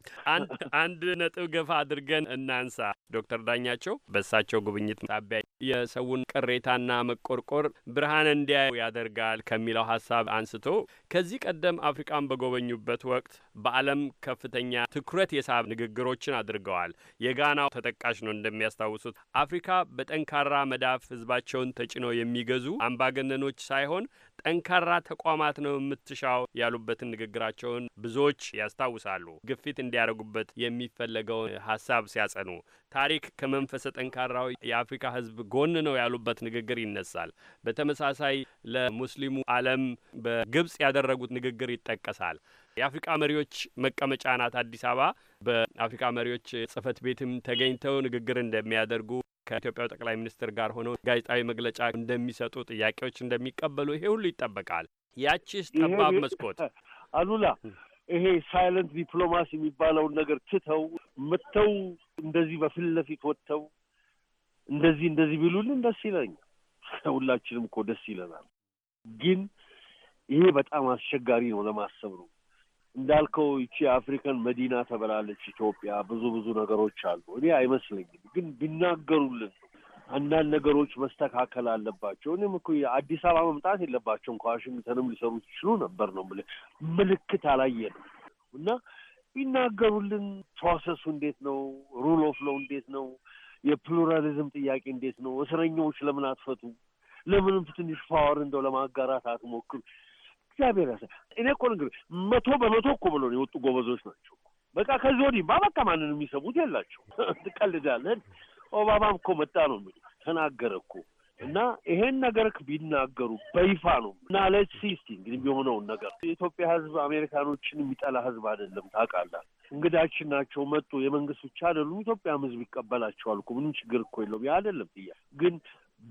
Speaker 1: አንድ ነጥብ ገፋ አድርገን እናንሳ። ዶክተር ዳኛቸው በእሳቸው ጉብኝት ጣቢያ የሰውን ቅሬታና መቆርቆር ብርሃን እንዲያዩ ያደርጋል ከሚለው ሀሳብ አንስቶ ከዚህ ቀደም አፍሪቃን በጎበኙበት ወቅት በዓለም ከፍተኛ ትኩረት የሳብ ንግግሮችን አድርገዋል። የጋናው ተጠቃሽ ነው። እንደሚያስታውሱት አፍሪካ በጠንካራ መዳፍ ህዝባቸውን ተጭነው የሚገዙ አምባገነኖች ሳይሆን ጠንካራ ተቋማት ነው የምትሻው ያሉበትን ንግግራቸውን ብዙዎች ያስታውሳሉ። ግፊት እንዲያደርጉበት የሚፈለገውን ሀሳብ ሲያጸኑ ታሪክ ከመንፈሰ ጠንካራው የአፍሪካ ሕዝብ ጎን ነው ያሉበት ንግግር ይነሳል። በተመሳሳይ ለሙስሊሙ ዓለም በግብጽ ያደረጉት ንግግር ይጠቀሳል። የአፍሪካ መሪዎች መቀመጫ ናት አዲስ አበባ። በአፍሪካ መሪዎች ጽህፈት ቤትም ተገኝተው ንግግር እንደሚያደርጉ ከኢትዮጵያው ጠቅላይ ሚኒስትር ጋር ሆነው ጋዜጣዊ መግለጫ እንደሚሰጡ ጥያቄዎች እንደሚቀበሉ ይሄ ሁሉ ይጠበቃል። ያቺስ ጠባብ መስኮት
Speaker 5: አሉላ ይሄ ሳይለንት ዲፕሎማሲ የሚባለውን ነገር ትተው መጥተው እንደዚህ በፊት ለፊት ወጥተው እንደዚህ እንደዚህ ቢሉልን ደስ ይለኛል። ሁላችንም እኮ ደስ ይለናል። ግን ይሄ በጣም አስቸጋሪ ነው፣ ለማሰብ ነው። እንዳልከው ይቺ የአፍሪካን መዲና ተበላለች ኢትዮጵያ። ብዙ ብዙ ነገሮች አሉ። እኔ አይመስለኝም ግን ቢናገሩልን አንዳንድ ነገሮች መስተካከል አለባቸው። እኔም እኮ የአዲስ አበባ መምጣት የለባቸውም ከዋሽንግተንም ሊሰሩ ይችሉ ነበር ነው የምልህ። ምልክት አላየንም እና ቢናገሩልን ፕሮሰሱ እንዴት ነው? ሩል ኦፍ ሎው እንዴት ነው? የፕሉራሊዝም ጥያቄ እንዴት ነው? እስረኛዎች ለምን አትፈቱ? ለምንም ትንሽ ፓወር እንደው ለማጋራት አትሞክሩ? እግዚአብሔር ያሰ እኔ እኮ ንግ መቶ በመቶ እኮ ብሎ የወጡ ጎበዞች ናቸው። በቃ ከዚህ ወዲህማ በቃ ማንን የሚሰሙት የላቸው። ትቀልዳለን። ኦባማም እኮ መጣ ነው የሚ ተናገረ እኮ እና ይሄን ነገር ቢናገሩ በይፋ ነው እና ሌት ሲ እስቲ እንግዲህ የሆነውን ነገር የኢትዮጵያ ሕዝብ አሜሪካኖችን የሚጠላ ሕዝብ አይደለም። ታውቃለህ፣ እንግዳችን ናቸው መጡ። የመንግስት ብቻ አይደሉም፣ ኢትዮጵያም ሕዝብ ይቀበላቸዋል እኮ ምንም ችግር እኮ የለውም። ያ አይደለም ጥያቄ ግን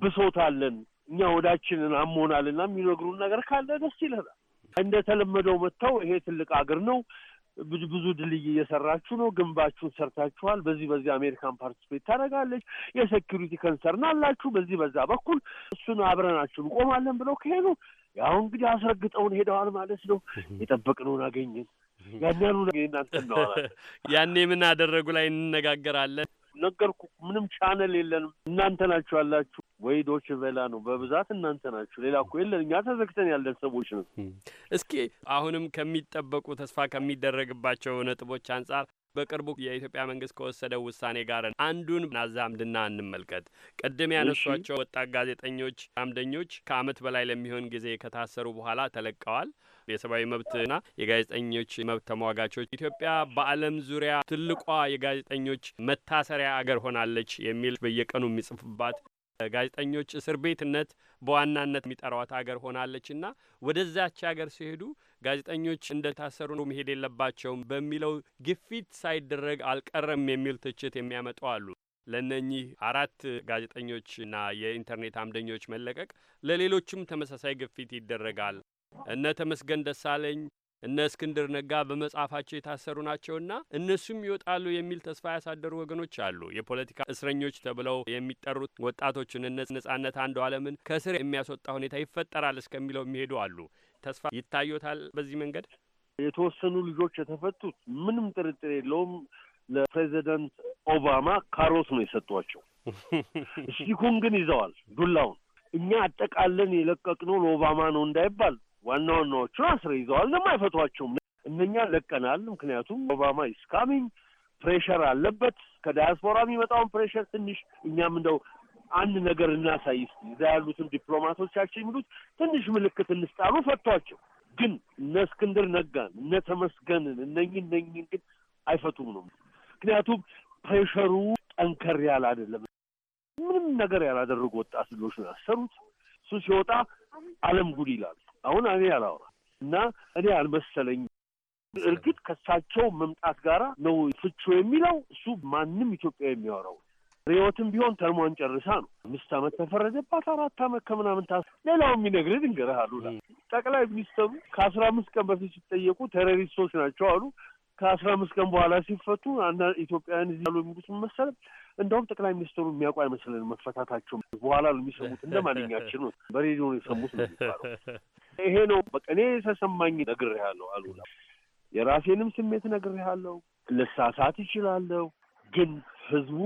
Speaker 5: ብሶታለን እኛ ወዳችንን አሞናል አሞናልና የሚነግሩን ነገር ካለ ደስ ይለናል። እንደተለመደው መጥተው ይሄ ትልቅ አገር ነው ብዙ ድልድይ እየሰራችሁ ነው፣ ግንባችሁን ሰርታችኋል፣ በዚህ በዚህ አሜሪካን ፓርቲስፔት ታደርጋለች፣ የሴኪሪቲ ከንሰርን አላችሁ፣ በዚህ በዛ በኩል እሱን አብረናችሁ እንቆማለን ብለው ከሄዱ ያው እንግዲህ አስረግጠውን ሄደዋል ማለት ነው። የጠበቅነውን አገኘን። ያንያኑ እናንተ
Speaker 1: ያኔ ምን አደረጉ ላይ እንነጋገራለን። ነገርኩ።
Speaker 5: ምንም ቻነል የለንም። እናንተ ናችሁ ያላችሁ ወይ ዶች ቬላ ነው በብዛት እናንተ ናችሁ። ሌላ እኮ የለን። እኛ ተዘግተን ያለን ሰዎች ነው።
Speaker 1: እስኪ አሁንም ከሚጠበቁ ተስፋ ከሚደረግባቸው ነጥቦች አንጻር በቅርቡ የኢትዮጵያ መንግስት ከወሰደው ውሳኔ ጋር አንዱን እናዛምድና እንመልከት። ቅድም ያነሷቸው ወጣት ጋዜጠኞች አምደኞች ከአመት በላይ ለሚሆን ጊዜ ከታሰሩ በኋላ ተለቀዋል። የሰብአዊ መብትና የጋዜጠኞች መብት ተሟጋቾች ኢትዮጵያ በዓለም ዙሪያ ትልቋ የጋዜጠኞች መታሰሪያ አገር ሆናለች የሚል በየቀኑ የሚጽፉባት ጋዜጠኞች እስር ቤትነት በዋናነት የሚጠሯት ሀገር ሆናለችና ወደዛች ሀገር ሲሄዱ ጋዜጠኞች እንደታሰሩ መሄድ የለባቸውም በሚለው ግፊት ሳይደረግ አልቀረም የሚል ትችት የሚያመጡ አሉ። ለእነኚህ አራት ጋዜጠኞችና የኢንተርኔት አምደኞች መለቀቅ ለሌሎችም ተመሳሳይ ግፊት ይደረጋል። እነ ተመስገን ደሳለኝ እነ እስክንድር ነጋ በመጽሐፋቸው የታሰሩ ናቸውና እነሱም ይወጣሉ የሚል ተስፋ ያሳደሩ ወገኖች አሉ። የፖለቲካ እስረኞች ተብለው የሚጠሩት ወጣቶችን እነ ነጻነት አንዱ አለምን ከስር የሚያስወጣ ሁኔታ ይፈጠራል እስከሚለው የሚሄዱ አሉ። ተስፋ ይታዩታል። በዚህ መንገድ
Speaker 5: የተወሰኑ ልጆች የተፈቱት ምንም ጥርጥር የለውም ለፕሬዚደንት ኦባማ ካሮት ነው የሰጧቸው። ስቲኩን ግን ይዘዋል ዱላውን። እኛ አጠቃለን የለቀቅነው ለኦባማ ነው እንዳይባል ዋና ይዘዋል። አስረይዘዋል። አይፈቷቸውም። እነኛ ለቀናል። ምክንያቱም ኦባማ ኢስካሚንግ ፕሬሸር አለበት። ከዳያስፖራ የሚመጣውን ፕሬሸር ትንሽ እኛም እንደው አንድ ነገር እናሳይ እስኪ እዛ ያሉትን ዲፕሎማቶቻችን የሚሉት ትንሽ ምልክት እንስጣሉ። ፈቷቸው ግን እነ እስክንድር ነጋን እነ ተመስገንን እነኝ እነኝን ግን አይፈቱም ነው። ምክንያቱም ፕሬሸሩ ጠንከር ያለ አይደለም። ምንም ነገር ያላደረጉ ወጣት ልጆች ነው ያሰሩት። እሱ ሲወጣ አለም ጉድ ይላል። አሁን እኔ አላወራ እና እኔ አልመሰለኝ። እርግጥ ከሳቸው መምጣት ጋራ ነው ፍቹ የሚለው እሱ ማንም ኢትዮጵያ የሚያወራው ሪዮትም ቢሆን ተርሟን ጨርሳ ነው። አምስት ዓመት ተፈረደባት፣ አራት ዓመት ከምናምን ታ ሌላው የሚነግርህ ድንገርህ አሉ። ጠቅላይ ሚኒስተሩ ከአስራ አምስት ቀን በፊት ሲጠየቁ ቴሮሪስቶች ናቸው አሉ። ከአስራ አምስት ቀን በኋላ ሲፈቱ አንዳንድ ኢትዮጵያውያን እዚህ ያሉ የሚሉት መሰለ እንደውም ጠቅላይ ሚኒስትሩ የሚያውቁ አይመስለን መፈታታቸው በኋላ ነው የሚሰሙት። እንደ ማንኛችን ነው በሬዲዮ ነው የሰሙት ነው የሚባለው። ይሄ ነው በቃ እኔ ተሰማኝ ነግሬሃለሁ። አሉላ የራሴንም ስሜት ነግሬሃለሁ። ልሳሳት ይችላለሁ፣ ግን ህዝቡ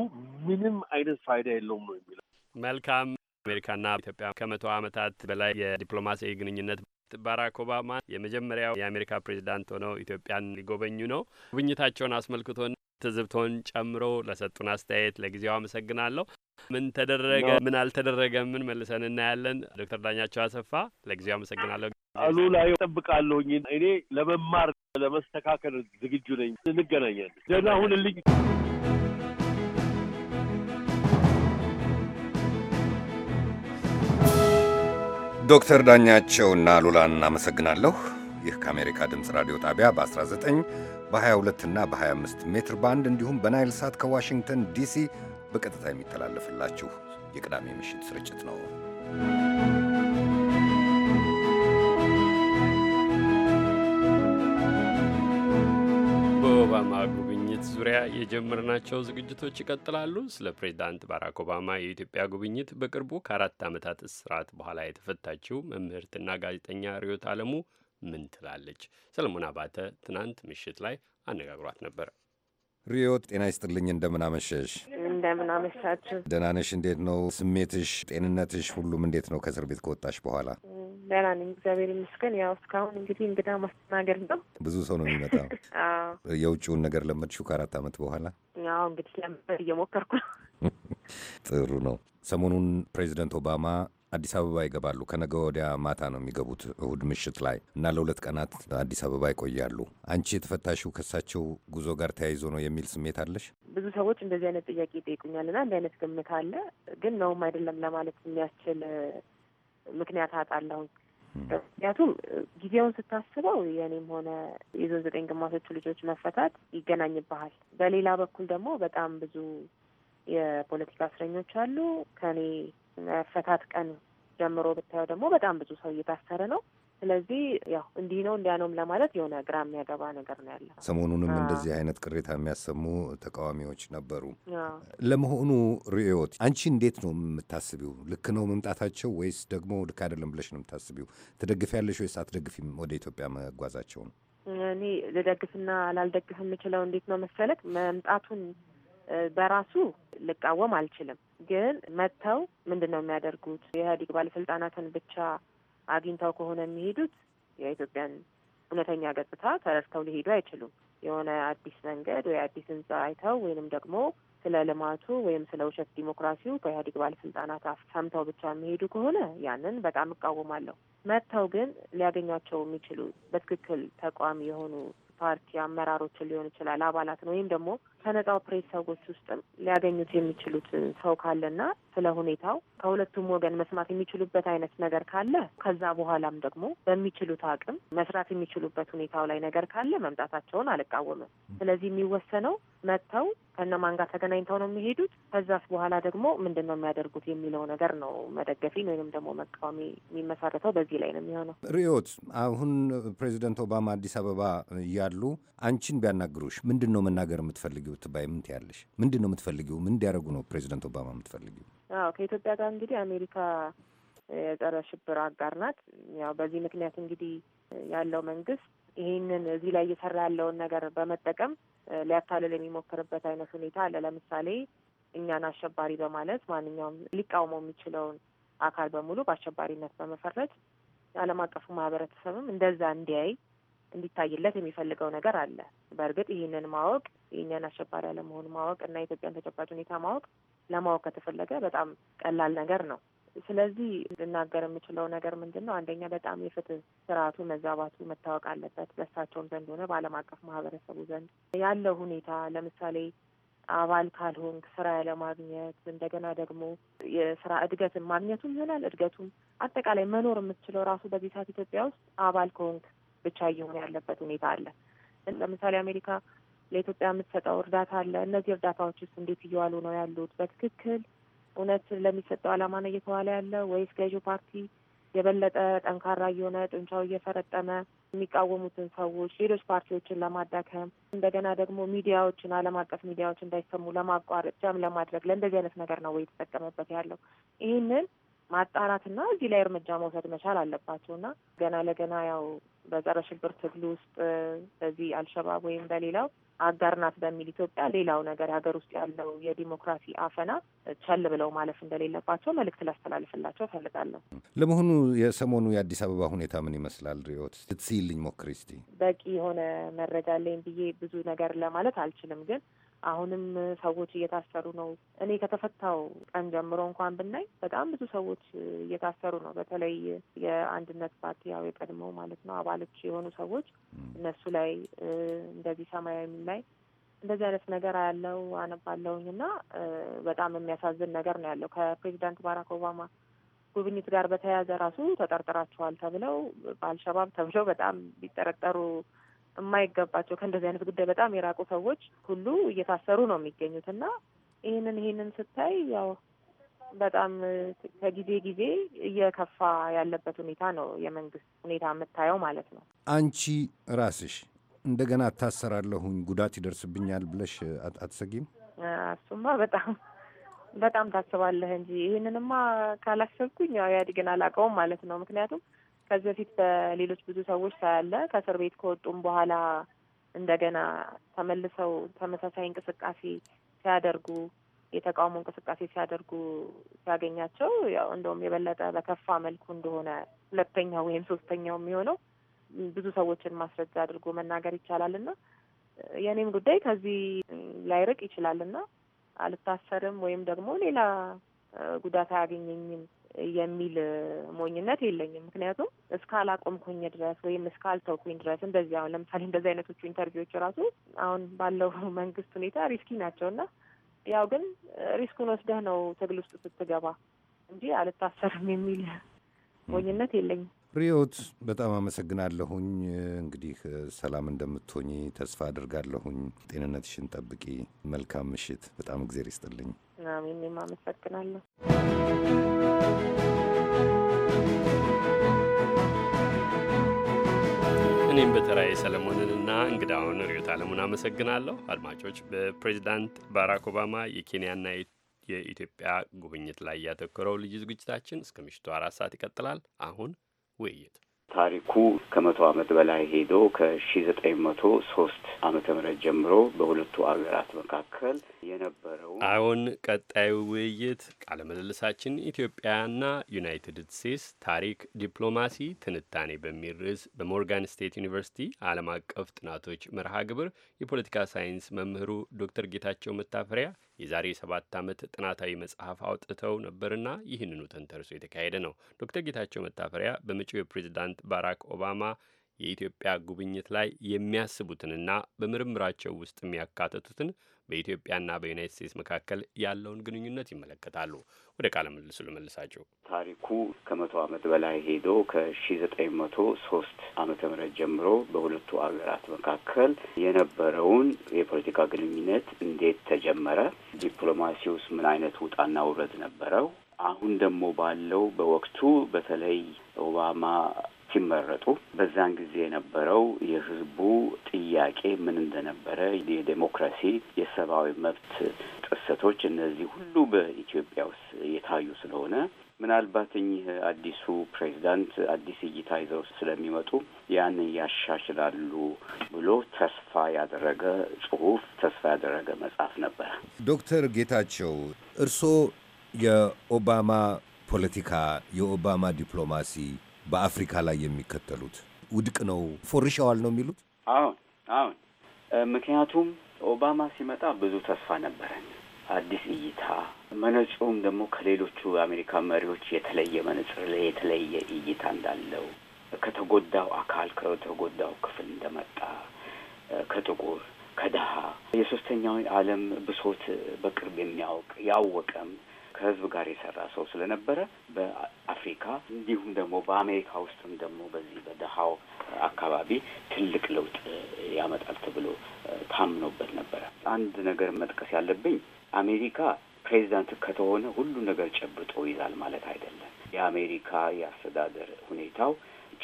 Speaker 5: ምንም አይነት ፋይዳ የለውም ነው የሚለው።
Speaker 1: መልካም አሜሪካና ኢትዮጵያ ከመቶ ዓመታት በላይ የዲፕሎማሲያዊ ግንኙነት ባራክ ኦባማ የመጀመሪያው የአሜሪካ ፕሬዚዳንት ሆነው ኢትዮጵያን ሊጎበኙ ነው። ጉብኝታቸውን አስመልክቶን ትዝብቶን ጨምሮ ለሰጡን አስተያየት ለጊዜው አመሰግናለሁ። ምን ተደረገ፣ ምን አልተደረገ፣ ምን መልሰን እናያለን። ዶክተር ዳኛቸው አሰፋ ለጊዜው አመሰግናለሁ።
Speaker 5: ላይ ጠብቃለሁኝ። እኔ ለመማር ለመስተካከል ዝግጁ ነኝ። እንገናኛለን። ደህና ሁንልኝ።
Speaker 2: ዶክተር ዳኛቸውና ሉላን እናመሰግናለሁ። ይህ ከአሜሪካ ድምፅ ራዲዮ ጣቢያ በ19 በ22 እና በ25 ሜትር ባንድ እንዲሁም በናይል ሳት ከዋሽንግተን ዲሲ በቀጥታ የሚተላለፍላችሁ የቅዳሜ ምሽት ስርጭት ነው።
Speaker 1: በወባ ስቴትስ ዙሪያ የጀመርናቸው ዝግጅቶች ይቀጥላሉ። ስለ ፕሬዚዳንት ባራክ ኦባማ የኢትዮጵያ ጉብኝት በቅርቡ ከአራት ዓመታት እስራት በኋላ የተፈታችው መምህርትና ጋዜጠኛ ርዕዮት አለሙ ምን ትላለች? ሰለሞን አባተ ትናንት ምሽት ላይ አነጋግሯት ነበር።
Speaker 2: ርዕዮት ጤና ይስጥልኝ፣ እንደምናመሸሽ።
Speaker 3: እንደምናመሻችሁ።
Speaker 2: ደህና ነሽ? እንዴት ነው ስሜትሽ? ጤንነትሽ? ሁሉም እንዴት ነው ከእስር ቤት ከወጣሽ በኋላ?
Speaker 3: ደህና ነኝ፣ እግዚአብሔር ይመስገን። ያው እስካሁን እንግዲህ እንግዳ ማስተናገድ ነው።
Speaker 2: ብዙ ሰው ነው የሚመጣው። የውጭውን ነገር ለመድሽው ከአራት ዓመት በኋላ?
Speaker 3: ያው እንግዲህ ለመድ እየሞከርኩ ነው።
Speaker 2: ጥሩ ነው። ሰሞኑን ፕሬዚደንት ኦባማ አዲስ አበባ ይገባሉ። ከነገ ወዲያ ማታ ነው የሚገቡት እሁድ ምሽት ላይ እና ለሁለት ቀናት አዲስ አበባ ይቆያሉ። አንቺ የተፈታሽው ከሳቸው ጉዞ ጋር ተያይዞ ነው የሚል ስሜት አለሽ?
Speaker 3: ብዙ ሰዎች እንደዚህ አይነት ጥያቄ ይጠይቁኛል እና እንዲህ አይነት ግምት አለ። ግን ነውም አይደለም ለማለት የሚያስችል ምክንያት አጣለሁኝ። ምክንያቱም ጊዜውን ስታስበው የኔም ሆነ የዞን ዘጠኝ ግማሾቹ ልጆች መፈታት ይገናኝብሃል። በሌላ በኩል ደግሞ በጣም ብዙ የፖለቲካ እስረኞች አሉ። ከኔ መፈታት ቀን ጀምሮ ብታየው ደግሞ በጣም ብዙ ሰው እየታሰረ ነው። ስለዚህ ያው እንዲህ ነው እንዲያ ነውም ለማለት የሆነ ግራ የሚያገባ ነገር ነው ያለ።
Speaker 2: ሰሞኑንም እንደዚህ አይነት ቅሬታ የሚያሰሙ ተቃዋሚዎች ነበሩ። ለመሆኑ ርዕዮት፣ አንቺ እንዴት ነው የምታስቢው? ልክ ነው መምጣታቸው ወይስ ደግሞ ልክ አይደለም ብለሽ ነው የምታስቢው? ያለሽ ወይስ አትደግፊም ወደ ኢትዮጵያ መጓዛቸው
Speaker 3: እኔ ልደግፍና ላልደግፍ የምችለው እንዴት ነው መሰለክ፣ መምጣቱን በራሱ ልቃወም አልችልም። ግን መጥተው ምንድን ነው የሚያደርጉት? የኢህአዴግ ባለስልጣናትን ብቻ አግኝተው ከሆነ የሚሄዱት የኢትዮጵያን እውነተኛ ገጽታ ተረድተው ሊሄዱ አይችሉም። የሆነ አዲስ መንገድ ወይ አዲስ ህንጻ አይተው ወይንም ደግሞ ስለ ልማቱ ወይም ስለ ውሸት ዲሞክራሲው ከኢህአዴግ ባለስልጣናት አፍ ሰምተው ብቻ የሚሄዱ ከሆነ ያንን በጣም እቃወማለሁ። መጥተው ግን ሊያገኟቸው የሚችሉ በትክክል ተቋሚ የሆኑ ፓርቲ አመራሮችን ሊሆን ይችላል አባላትን ወይም ደግሞ ከነጻው ፕሬስ ሰዎች ውስጥም ሊያገኙት የሚችሉት ሰው ካለና ስለ ሁኔታው ከሁለቱም ወገን መስማት የሚችሉበት አይነት ነገር ካለ ከዛ በኋላም ደግሞ በሚችሉት አቅም መስራት የሚችሉበት ሁኔታው ላይ ነገር ካለ መምጣታቸውን አልቃወምም። ስለዚህ የሚወሰነው መጥተው ከእነማን ጋር ተገናኝተው ነው የሚሄዱት፣ ከዛስ በኋላ ደግሞ ምንድን ነው የሚያደርጉት የሚለው ነገር ነው መደገፊን ወይም ደግሞ መቃወሚ የሚመሰረተው በዚህ ላይ ነው የሚሆነው።
Speaker 2: ሪዮት፣ አሁን ፕሬዚደንት ኦባማ አዲስ አበባ እያሉ አንቺን ቢያናግሩሽ ምንድን ነው መናገር የምትፈልጊው? ትባይ ምን ትያለሽ? ምንድን ነው የምትፈልጊው? ምን እንዲያደርጉ ነው ፕሬዚደንት ኦባማ የምትፈልጊው?
Speaker 3: አዎ ከኢትዮጵያ ጋር እንግዲህ አሜሪካ የጸረ ሽብር አጋር ናት። ያው በዚህ ምክንያት እንግዲህ ያለው መንግስት ይሄንን እዚህ ላይ እየሰራ ያለውን ነገር በመጠቀም ሊያታልል የሚሞክርበት አይነት ሁኔታ አለ። ለምሳሌ እኛን አሸባሪ በማለት ማንኛውም ሊቃውመው የሚችለውን አካል በሙሉ በአሸባሪነት በመፈረጅ የዓለም አቀፉ ማህበረተሰብም እንደዛ እንዲያይ እንዲታይለት የሚፈልገው ነገር አለ። በእርግጥ ይህንን ማወቅ የእኛን አሸባሪ አለመሆኑ ማወቅ እና የኢትዮጵያን ተጨባጭ ሁኔታ ማወቅ ለማወቅ ከተፈለገ በጣም ቀላል ነገር ነው። ስለዚህ ልናገር የምችለው ነገር ምንድን ነው? አንደኛ በጣም የፍትህ ስርዓቱ መዛባቱ መታወቅ አለበት። በእሳቸውም ዘንድ ሆነ በዓለም አቀፍ ማህበረሰቡ ዘንድ ያለው ሁኔታ ለምሳሌ አባል ካልሆንክ ስራ ያለማግኘት እንደገና ደግሞ የስራ እድገትን ማግኘቱም ይሆናል እድገቱም አጠቃላይ መኖር የምትችለው ራሱ በዚህ ሰዓት ኢትዮጵያ ውስጥ አባል ከሆንክ ብቻ እየሆነ ያለበት ሁኔታ አለ። ለምሳሌ አሜሪካ ለኢትዮጵያ የምትሰጠው እርዳታ አለ። እነዚህ እርዳታዎች ውስጥ እንዴት እየዋሉ ነው ያሉት? በትክክል እውነት ለሚሰጠው ዓላማ ነው እየተዋለ ያለ ወይስ ገዢው ፓርቲ የበለጠ ጠንካራ እየሆነ ጡንቻው እየፈረጠመ የሚቃወሙትን ሰዎች፣ ሌሎች ፓርቲዎችን ለማዳከም እንደገና ደግሞ ሚዲያዎችን፣ ዓለም አቀፍ ሚዲያዎች እንዳይሰሙ ለማቋረጥ ጃም ለማድረግ ለእንደዚህ አይነት ነገር ነው ወይ የተጠቀመበት ያለው? ይህንን ማጣራትና እዚህ ላይ እርምጃ መውሰድ መቻል አለባቸውና ገና ለገና ያው በጸረ ሽብር ትግል ውስጥ በዚህ አልሸባብ ወይም በሌላው አጋር ናት በሚል ኢትዮጵያ ሌላው ነገር ሀገር ውስጥ ያለው የዲሞክራሲ አፈና ቸል ብለው ማለፍ እንደሌለባቸው መልእክት ላስተላልፍላቸው ፈልጋለሁ።
Speaker 2: ለመሆኑ የሰሞኑ የአዲስ አበባ ሁኔታ ምን ይመስላል? ሪዮት ስትስይልኝ ሞክሪ እስቲ።
Speaker 3: በቂ የሆነ መረጃ አለኝ ብዬ ብዙ ነገር ለማለት አልችልም ግን አሁንም ሰዎች እየታሰሩ ነው። እኔ ከተፈታው ቀን ጀምሮ እንኳን ብናይ በጣም ብዙ ሰዎች እየታሰሩ ነው። በተለይ የአንድነት ፓርቲ ያው የቀድሞ ማለት ነው አባሎች የሆኑ ሰዎች እነሱ ላይ እንደዚህ ሰማያዊ ላይ እንደዚህ አይነት ነገር ያለው አነባለውኝ እና በጣም የሚያሳዝን ነገር ነው ያለው ከፕሬዚዳንት ባራክ ኦባማ ጉብኝት ጋር በተያያዘ ራሱ ተጠርጥራችኋል ተብለው በአልሸባብ ተብለው በጣም ቢጠረጠሩ የማይገባቸው ከእንደዚህ አይነት ጉዳይ በጣም የራቁ ሰዎች ሁሉ እየታሰሩ ነው የሚገኙት እና ይህንን ይህንን ስታይ ያው በጣም ከጊዜ ጊዜ እየከፋ ያለበት ሁኔታ ነው የመንግስት ሁኔታ የምታየው ማለት ነው።
Speaker 2: አንቺ ራስሽ እንደገና እታሰራለሁኝ ጉዳት ይደርስብኛል ብለሽ አትሰጊም?
Speaker 3: እሱማ በጣም በጣም ታስባለህ እንጂ ይህንንማ ካላሰብኩኝ ያው ኢህአዴግን አላውቀውም ማለት ነው። ምክንያቱም ከዚህ በፊት በሌሎች ብዙ ሰዎች ሳያለ ከእስር ቤት ከወጡም በኋላ እንደገና ተመልሰው ተመሳሳይ እንቅስቃሴ ሲያደርጉ የተቃውሞ እንቅስቃሴ ሲያደርጉ ሲያገኛቸው ያው እንደውም የበለጠ በከፋ መልኩ እንደሆነ ሁለተኛው ወይም ሶስተኛው የሚሆነው ብዙ ሰዎችን ማስረጃ አድርጎ መናገር ይቻላልና የእኔም ጉዳይ ከዚህ ላይርቅ ይችላልና አልታሰርም ወይም ደግሞ ሌላ ጉዳት አያገኘኝም የሚል ሞኝነት የለኝም። ምክንያቱም እስካላቆምኩኝ ድረስ ወይም እስካልተውኩኝ ድረስ እንደዚህ አሁን ለምሳሌ እንደዚህ አይነቶቹ ኢንተርቪዎች ራሱ አሁን ባለው መንግስት ሁኔታ ሪስኪ ናቸው እና ያው ግን ሪስኩን ወስደህ ነው ትግል ውስጥ ስትገባ እንጂ አልታሰርም የሚል ሞኝነት የለኝም።
Speaker 2: ሪዮት በጣም አመሰግናለሁኝ። እንግዲህ ሰላም እንደምትሆኚ ተስፋ አድርጋለሁኝ። ጤንነትሽን ጠብቂ። መልካም ምሽት። በጣም እግዜር ይስጥልኝ።
Speaker 3: ነው። እኔም አመሰግናለሁ።
Speaker 1: እኔም በተራዬ ሰለሞንንና እንግዳውን ርዕዮት አለሙን አመሰግናለሁ። አድማጮች በፕሬዚዳንት ባራክ ኦባማ የኬንያና የኢትዮጵያ ጉብኝት ላይ ያተኮረው ልዩ ዝግጅታችን እስከ ምሽቱ አራት ሰዓት ይቀጥላል። አሁን
Speaker 6: ውይይት ታሪኩ ከመቶ ዓመት በላይ ሄዶ ከሺ ዘጠኝ መቶ ሶስት ዓመተ ምህረት ጀምሮ በሁለቱ አገራት መካከል የነበረው አሁን
Speaker 1: ቀጣዩ ውይይት ቃለ ምልልሳችን ኢትዮጵያና ዩናይትድ ስቴትስ ታሪክ፣ ዲፕሎማሲ ትንታኔ በሚል ርዕስ በሞርጋን ስቴት ዩኒቨርሲቲ ዓለም አቀፍ ጥናቶች መርሃ ግብር የፖለቲካ ሳይንስ መምህሩ ዶክተር ጌታቸው መታፈሪያ የዛሬ ሰባት ዓመት ጥናታዊ መጽሐፍ አውጥተው ነበርና ይህንኑ ተንተርሶ የተካሄደ ነው። ዶክተር ጌታቸው መታፈሪያ በመጪው የፕሬዚዳንት ባራክ ኦባማ የኢትዮጵያ ጉብኝት ላይ የሚያስቡትንና በምርምራቸው ውስጥ የሚያካተቱትን በኢትዮጵያና በዩናይት ስቴትስ መካከል ያለውን ግንኙነት ይመለከታሉ። ወደ
Speaker 6: ቃለ ምልልሱ ልመልሳቸው። ታሪኩ ከመቶ ዓመት በላይ ሄዶ ከሺ ዘጠኝ መቶ ሶስት ዓመተ ምህረት ጀምሮ በሁለቱ አገራት መካከል የነበረውን የፖለቲካ ግንኙነት እንዴት ተጀመረ? ዲፕሎማሲ ውስጥ ምን አይነት ውጣና ውረድ ነበረው? አሁን ደግሞ ባለው በወቅቱ በተለይ ኦባማ ሲመረጡ በዛን ጊዜ የነበረው የህዝቡ ጥያቄ ምን እንደነበረ፣ የዴሞክራሲ የሰብአዊ መብት ጥሰቶች፣ እነዚህ ሁሉ በኢትዮጵያ ውስጥ የታዩ ስለሆነ ምናልባት እኚህ አዲሱ ፕሬዚዳንት አዲስ እይታ ይዘው ስለሚመጡ ያንን ያሻሽላሉ ብሎ ተስፋ ያደረገ ጽሁፍ፣ ተስፋ ያደረገ መጽሐፍ
Speaker 2: ነበረ። ዶክተር ጌታቸው እርስዎ የኦባማ ፖለቲካ፣ የኦባማ ዲፕሎማሲ በአፍሪካ ላይ የሚከተሉት ውድቅ ነው ፎርሻዋል ነው የሚሉት?
Speaker 6: አሁን አሁን ምክንያቱም ኦባማ ሲመጣ ብዙ ተስፋ ነበረን፣ አዲስ እይታ፣ መነጽሩም ደግሞ ከሌሎቹ የአሜሪካ መሪዎች የተለየ መነጽር ላይ የተለየ እይታ እንዳለው ከተጎዳው አካል ከተጎዳው ክፍል እንደመጣ ከጥቁር ከድሀ የሶስተኛውን ዓለም ብሶት በቅርብ የሚያውቅ ያወቀም ከህዝብ ጋር የሰራ ሰው ስለነበረ በአፍሪካ እንዲሁም ደግሞ በአሜሪካ ውስጥም ደግሞ በዚህ በደሃው አካባቢ ትልቅ ለውጥ ያመጣል ተብሎ ታምኖበት ነበረ። አንድ ነገር መጥቀስ ያለብኝ አሜሪካ ፕሬዚዳንት ከተሆነ ሁሉ ነገር ጨብጦ ይዛል ማለት አይደለም። የአሜሪካ የአስተዳደር ሁኔታው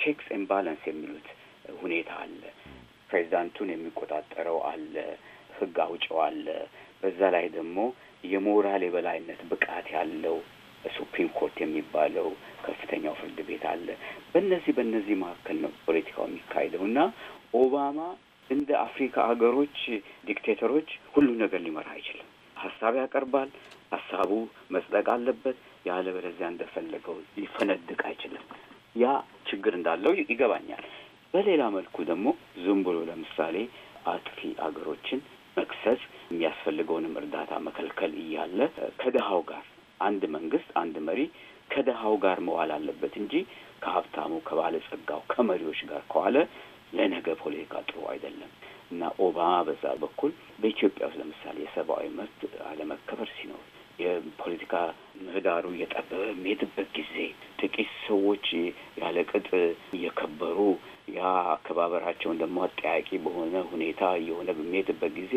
Speaker 6: ቼክስ ኤን ባላንስ የሚሉት ሁኔታ አለ። ፕሬዚዳንቱን የሚቆጣጠረው አለ፣ ህግ አውጭው አለ። በዛ ላይ ደግሞ የሞራል የበላይነት ብቃት ያለው ሱፕሪም ኮርት የሚባለው ከፍተኛው ፍርድ ቤት አለ። በእነዚህ በእነዚህ መካከል ነው ፖለቲካው የሚካሄደው እና ኦባማ እንደ አፍሪካ ሀገሮች ዲክቴተሮች ሁሉ ነገር ሊመራ አይችልም። ሀሳብ ያቀርባል፣ ሀሳቡ መጽደቅ አለበት። ያለበለዚያ እንደፈለገው ሊፈነድቅ አይችልም። ያ ችግር እንዳለው ይገባኛል። በሌላ መልኩ ደግሞ ዝም ብሎ ለምሳሌ አጥፊ አገሮችን መክሰስ፣ የሚያስፈልገውንም እርዳታ መከልከል እያለ ከድሀው ጋር አንድ መንግስት አንድ መሪ ከድሀው ጋር መዋል አለበት እንጂ ከሀብታሙ ከባለጸጋው ከመሪዎች ጋር ከዋለ ለነገ ፖለቲካ ጥሩ አይደለም እና ኦባማ በዛ በኩል በኢትዮጵያ ውስጥ ለምሳሌ የሰብአዊ መብት አለመከበር ሲኖር የፖለቲካ ምህዳሩ እየጠበበ የሚሄድበት ጊዜ ጥቂት ሰዎች ያለቅጥ እየከበሩ ያ አከባበራቸውን ደግሞ አጠያቂ በሆነ ሁኔታ እየሆነ በሚሄድበት ጊዜ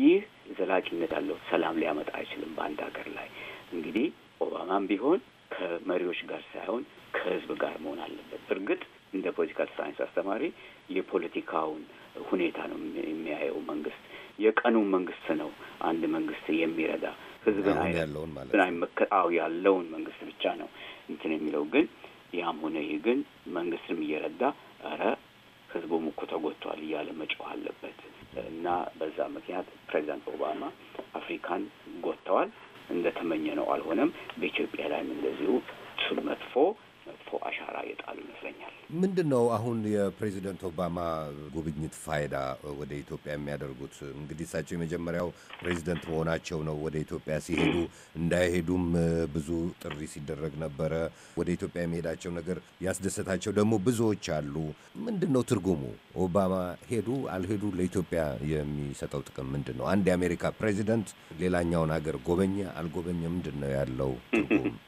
Speaker 6: ይህ ዘላቂነት ያለው ሰላም ሊያመጣ አይችልም በአንድ ሀገር ላይ። እንግዲህ ኦባማም ቢሆን ከመሪዎች ጋር ሳይሆን ከህዝብ ጋር መሆን አለበት። እርግጥ እንደ ፖለቲካል ሳይንስ አስተማሪ የፖለቲካውን ሁኔታ ነው የሚያየው መንግስት የቀኑን መንግስት ነው አንድ መንግስት የሚረዳ ህዝብን ያለውን ማለት ነው ያለውን መንግስት ብቻ ነው እንትን የሚለው ግን ያም ሆነ ይህ ግን መንግስትም እየረዳ ኧረ ህዝቡም እኮ ተጎድቷል እያለ መጮህ አለበት እና በዛ ምክንያት ፕሬዚዳንት ኦባማ አፍሪካን ጎድተዋል። እንደተመኘ ነው አልሆነም። በኢትዮጵያ ላይም እንደዚሁ እሱን መጥፎ መጥፎ አሻራ የጣሉ ይመስለኛል።
Speaker 2: ምንድን ነው አሁን የፕሬዚደንት ኦባማ ጉብኝት ፋይዳ ወደ ኢትዮጵያ የሚያደርጉት? እንግዲህ እሳቸው የመጀመሪያው ፕሬዚደንት መሆናቸው ነው። ወደ ኢትዮጵያ ሲሄዱ እንዳይሄዱም ብዙ ጥሪ ሲደረግ ነበረ። ወደ ኢትዮጵያ የሚሄዳቸው ነገር ያስደሰታቸው ደግሞ ብዙዎች አሉ። ምንድን ነው ትርጉሙ? ኦባማ ሄዱ አልሄዱ ለኢትዮጵያ የሚሰጠው ጥቅም ምንድን ነው? አንድ የአሜሪካ ፕሬዚደንት ሌላኛውን ሀገር ጎበኘ አልጎበኘ ምንድን ነው ያለው
Speaker 6: ትርጉም?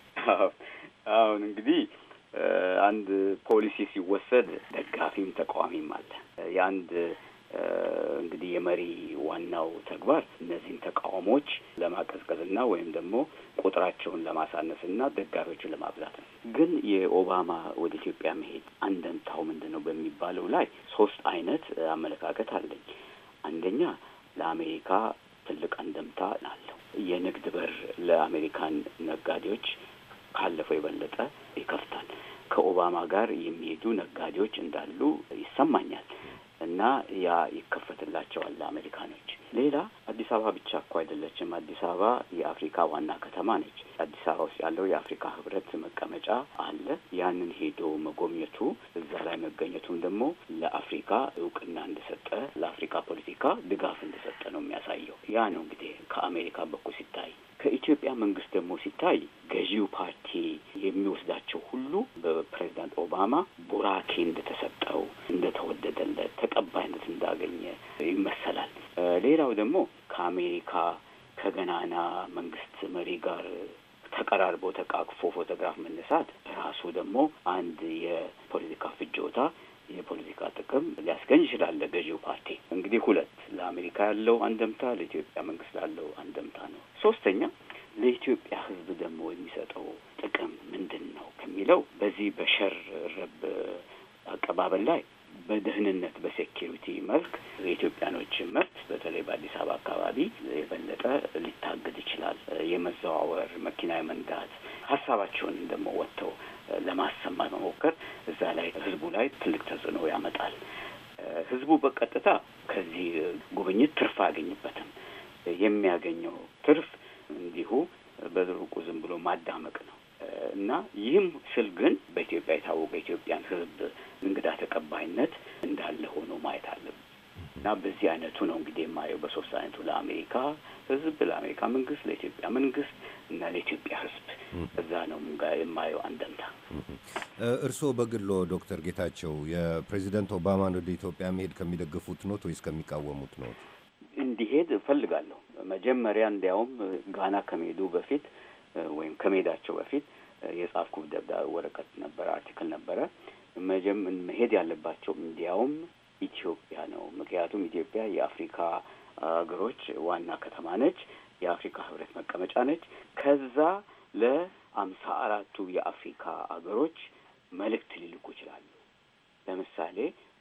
Speaker 6: አሁን እንግዲህ አንድ ፖሊሲ ሲወሰድ ደጋፊም ተቃዋሚም አለ። የአንድ እንግዲህ የመሪ ዋናው ተግባር እነዚህን ተቃውሞች ለማቀዝቀዝና ወይም ደግሞ ቁጥራቸውን ለማሳነስና ደጋፊዎችን ለማብዛት ነው። ግን የኦባማ ወደ ኢትዮጵያ መሄድ አንደምታው ምንድን ነው በሚባለው ላይ ሶስት አይነት አመለካከት አለኝ። አንደኛ ለአሜሪካ ትልቅ አንደምታ አለው። የንግድ በር ለአሜሪካን ነጋዴዎች ካለፈው የበለጠ ይከፍታል። ከኦባማ ጋር የሚሄዱ ነጋዴዎች እንዳሉ ይሰማኛል እና ያ ይከፈትላቸዋል አሜሪካኖች። ሌላ አዲስ አበባ ብቻ እኮ አይደለችም። አዲስ አበባ የአፍሪካ ዋና ከተማ ነች። አዲስ አበባ ውስጥ ያለው የአፍሪካ ህብረት መቀመጫ አለ። ያንን ሄዶ መጎብኘቱ እዛ ላይ መገኘቱም ደግሞ ለአፍሪካ እውቅና እንደሰጠ፣ ለአፍሪካ ፖለቲካ ድጋፍ እንደሰጠ ነው የሚያሳየው። ያ ነው እንግዲህ ከአሜሪካ በኩል ሲታይ ከኢትዮጵያ መንግስት ደግሞ ሲታይ ገዢው ፓርቲ የሚወስዳቸው ሁሉ በፕሬዚዳንት ኦባማ ቡራኬ እንደተሰጠው እንደተወደደለት ተቀባይነት እንዳገኘ ይመሰላል። ሌላው ደግሞ ከአሜሪካ ከገናና መንግስት መሪ ጋር ተቀራርቦ ተቃቅፎ ፎቶግራፍ መነሳት ራሱ ደግሞ አንድ የፖለቲካ ፍጆታ የፖለቲካ ጥቅም ሊያስገኝ ይችላል ለገዢው ፓርቲ። እንግዲህ ሁለት ለአሜሪካ ያለው አንደምታ ለኢትዮጵያ መንግስት ላለው አንደምታ ነው። ሶስተኛ ለኢትዮጵያ ህዝብ ደግሞ የሚሰጠው ጥቅም ምንድን ነው ከሚለው በዚህ በሸር ረብ አቀባበል ላይ በደህንነት በሴኪሪቲ መልክ የኢትዮጵያኖች መብት በተለይ በአዲስ አበባ አካባቢ የበለጠ ሊታገድ ይችላል። የመዘዋወር መኪና የመንዳት ሀሳባቸውን ደግሞ ወጥተው ለማሰማት መሞከር እዛ ላይ ህዝቡ ላይ ትልቅ ተጽዕኖ ያመጣል። ህዝቡ በቀጥታ ከዚህ ጉብኝት ትርፍ አያገኝበትም። የሚያገኘው ትርፍ እንዲሁ በድርቁ ዝም ብሎ ማዳመቅ ነው እና ይህም ስል ግን በኢትዮጵያ የታወቀ ኢትዮጵያን ህዝብ እንግዳ ተቀባይነት እንዳለ ሆኖ ማየት አለብን። እና በዚህ አይነቱ ነው እንግዲህ የማየው በሶስት አይነቱ ለአሜሪካ ህዝብ ለአሜሪካ መንግስት፣ ለኢትዮጵያ መንግስት እና ለኢትዮጵያ ህዝብ እዛ ነው የማየው አንደምታ።
Speaker 2: እርስዎ በግሎ ዶክተር ጌታቸው የፕሬዚደንት ኦባማን ወደ ኢትዮጵያ መሄድ ከሚደግፉት ኖት ወይስ ከሚቃወሙት ኖት?
Speaker 6: እንዲሄድ እፈልጋለሁ። መጀመሪያ እንዲያውም ጋና ከመሄዱ በፊት ወይም ከመሄዳቸው በፊት የጻፍኩት ደብዳ ወረቀት ነበረ፣ አርቲክል ነበረ መሄድ ያለባቸው እንዲያውም ኢትዮጵያ ነው። ምክንያቱም ኢትዮጵያ የአፍሪካ ሀገሮች ዋና ከተማ ነች። የአፍሪካ ህብረት መቀመጫ ነች። ከዛ ለአምሳ አራቱ የአፍሪካ አገሮች መልእክት ሊልኩ ይችላሉ። ለምሳሌ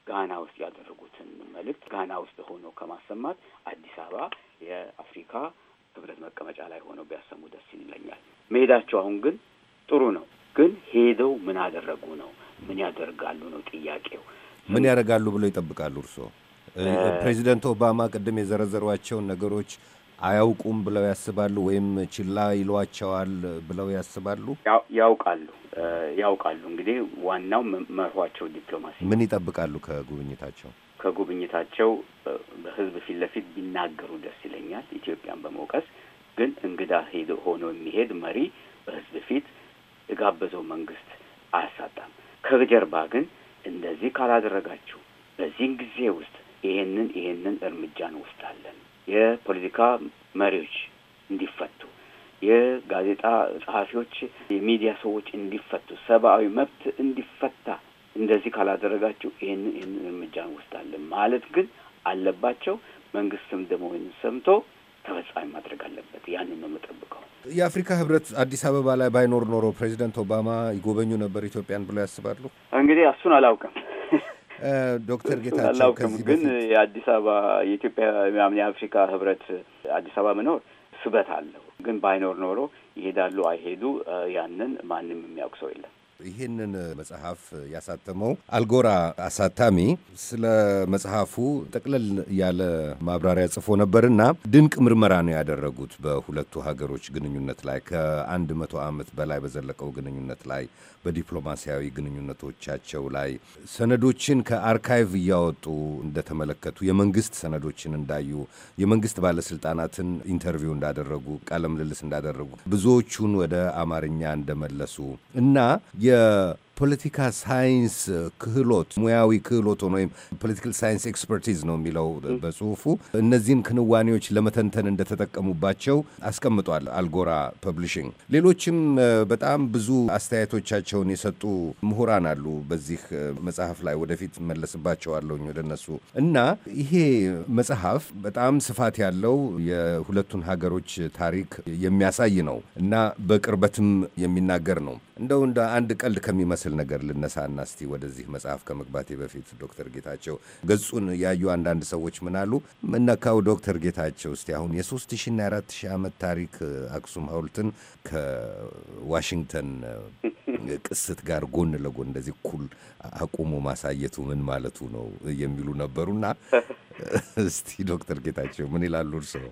Speaker 6: ጋና ውስጥ ያደረጉትን መልእክት ጋና ውስጥ ሆኖ ከማሰማት አዲስ አበባ የአፍሪካ ህብረት መቀመጫ ላይ ሆነው ቢያሰሙ ደስ ይለኛል። መሄዳቸው አሁን ግን ጥሩ ነው። ግን ሄደው ምን አደረጉ ነው ምን ያደርጋሉ ነው ጥያቄው። ምን
Speaker 2: ያደርጋሉ ብለው ይጠብቃሉ እርስዎ? ፕሬዚደንት ኦባማ ቅድም የዘረዘሯቸውን ነገሮች አያውቁም ብለው ያስባሉ ወይም ችላ ይሏቸዋል ብለው ያስባሉ?
Speaker 6: ያውቃሉ ያውቃሉ። እንግዲህ ዋናው መርኋቸው ዲፕሎማሲ።
Speaker 2: ምን ይጠብቃሉ ከጉብኝታቸው?
Speaker 6: ከጉብኝታቸው በህዝብ ፊት ለፊት ቢናገሩ ደስ ይለኛል። ኢትዮጵያን በመውቀስ ግን እንግዳ ሄዶ ሆኖ የሚሄድ መሪ በህዝብ ፊት የጋበዘው መንግስት አያሳጣም። ከጀርባ ግን እንደዚህ ካላደረጋችሁ በዚህ ጊዜ ውስጥ ይሄንን ይሄንን እርምጃ እንወስዳለን፣ የፖለቲካ መሪዎች እንዲፈቱ፣ የጋዜጣ ጸሐፊዎች፣ የሚዲያ ሰዎች እንዲፈቱ፣ ሰብአዊ መብት እንዲፈታ፣ እንደዚህ ካላደረጋችሁ ይሄንን ይሄንን እርምጃ እንወስዳለን ማለት ግን አለባቸው። መንግስትም ደግሞ ይህንን ሰምቶ ተፈጻሚ ማድረግ አለበት። ያንን ነው የምጠብቀው።
Speaker 2: የአፍሪካ ህብረት አዲስ አበባ ላይ ባይኖር ኖሮ ፕሬዚደንት ኦባማ ይጎበኙ ነበር ኢትዮጵያን ብሎ ያስባሉ?
Speaker 6: እንግዲህ እሱን አላውቅም ዶክተር ጌታቸው አላውቅም። ግን የአዲስ አበባ የኢትዮጵያ የአፍሪካ ህብረት አዲስ አበባ መኖር ስበት አለው። ግን ባይኖር ኖሮ ይሄዳሉ አይሄዱ፣ ያንን ማንም የሚያውቅ ሰው የለም።
Speaker 2: ይህንን መጽሐፍ ያሳተመው አልጎራ አሳታሚ ስለ መጽሐፉ ጠቅለል ያለ ማብራሪያ ጽፎ ነበርና ድንቅ ምርመራ ነው ያደረጉት በሁለቱ ሀገሮች ግንኙነት ላይ ከአንድ መቶ ዓመት በላይ በዘለቀው ግንኙነት ላይ በዲፕሎማሲያዊ ግንኙነቶቻቸው ላይ ሰነዶችን ከአርካይቭ እያወጡ እንደተመለከቱ የመንግስት ሰነዶችን እንዳዩ የመንግስት ባለስልጣናትን ኢንተርቪው እንዳደረጉ ቃለምልልስ እንዳደረጉ ብዙዎቹን ወደ አማርኛ እንደመለሱ እና የ uh, የፖለቲካ ሳይንስ ክህሎት ሙያዊ ክህሎት ሆነ ወይም ፖለቲካል ሳይንስ ኤክስፐርቲዝ ነው የሚለው በጽሁፉ እነዚህን ክንዋኔዎች ለመተንተን እንደተጠቀሙባቸው አስቀምጧል። አልጎራ ፐብሊሽንግ ሌሎችም በጣም ብዙ አስተያየቶቻቸውን የሰጡ ምሁራን አሉ። በዚህ መጽሐፍ ላይ ወደፊት መለስባቸዋለሁኝ ወደ እነሱ እና ይሄ መጽሐፍ በጣም ስፋት ያለው የሁለቱን ሀገሮች ታሪክ የሚያሳይ ነው እና በቅርበትም የሚናገር ነው። እንደው እንደ አንድ ቀልድ ከሚመስል የሚመስል ነገር ልነሳና እስቲ ወደዚህ መጽሐፍ ከመግባቴ በፊት ዶክተር ጌታቸው ገጹን ያዩ አንዳንድ ሰዎች ምናሉ ምነካው ዶክተር ጌታቸው እስቲ አሁን የሶስት ሺና የአራት ሺህ ዓመት ታሪክ አክሱም ሐውልትን ከዋሽንግተን ቅስት ጋር ጎን ለጎን እንደዚህ እኩል አቁሞ ማሳየቱ ምን ማለቱ ነው የሚሉ ነበሩና እስቲ ዶክተር ጌታቸው ምን ይላሉ እርስዎ?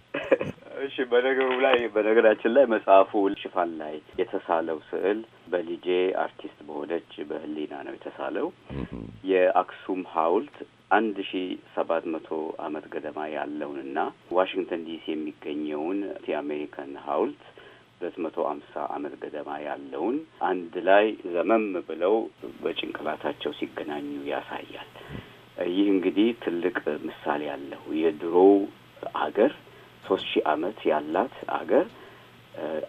Speaker 6: በነገሩ ላይ በነገራችን ላይ መጽሐፉ ሽፋን ላይ የተሳለው ስዕል በልጄ አርቲስት በሆነች በህሊና ነው የተሳለው። የአክሱም ሐውልት አንድ ሺ ሰባት መቶ ዓመት ገደማ ያለውንና ዋሽንግተን ዲሲ የሚገኘውን የአሜሪካን ሐውልት ሁለት መቶ አምሳ አመት ገደማ ያለውን አንድ ላይ ዘመም ብለው በጭንቅላታቸው ሲገናኙ ያሳያል። ይህ እንግዲህ ትልቅ ምሳሌ ያለው የድሮው አገር ሶስት ሺህ ዓመት ያላት አገር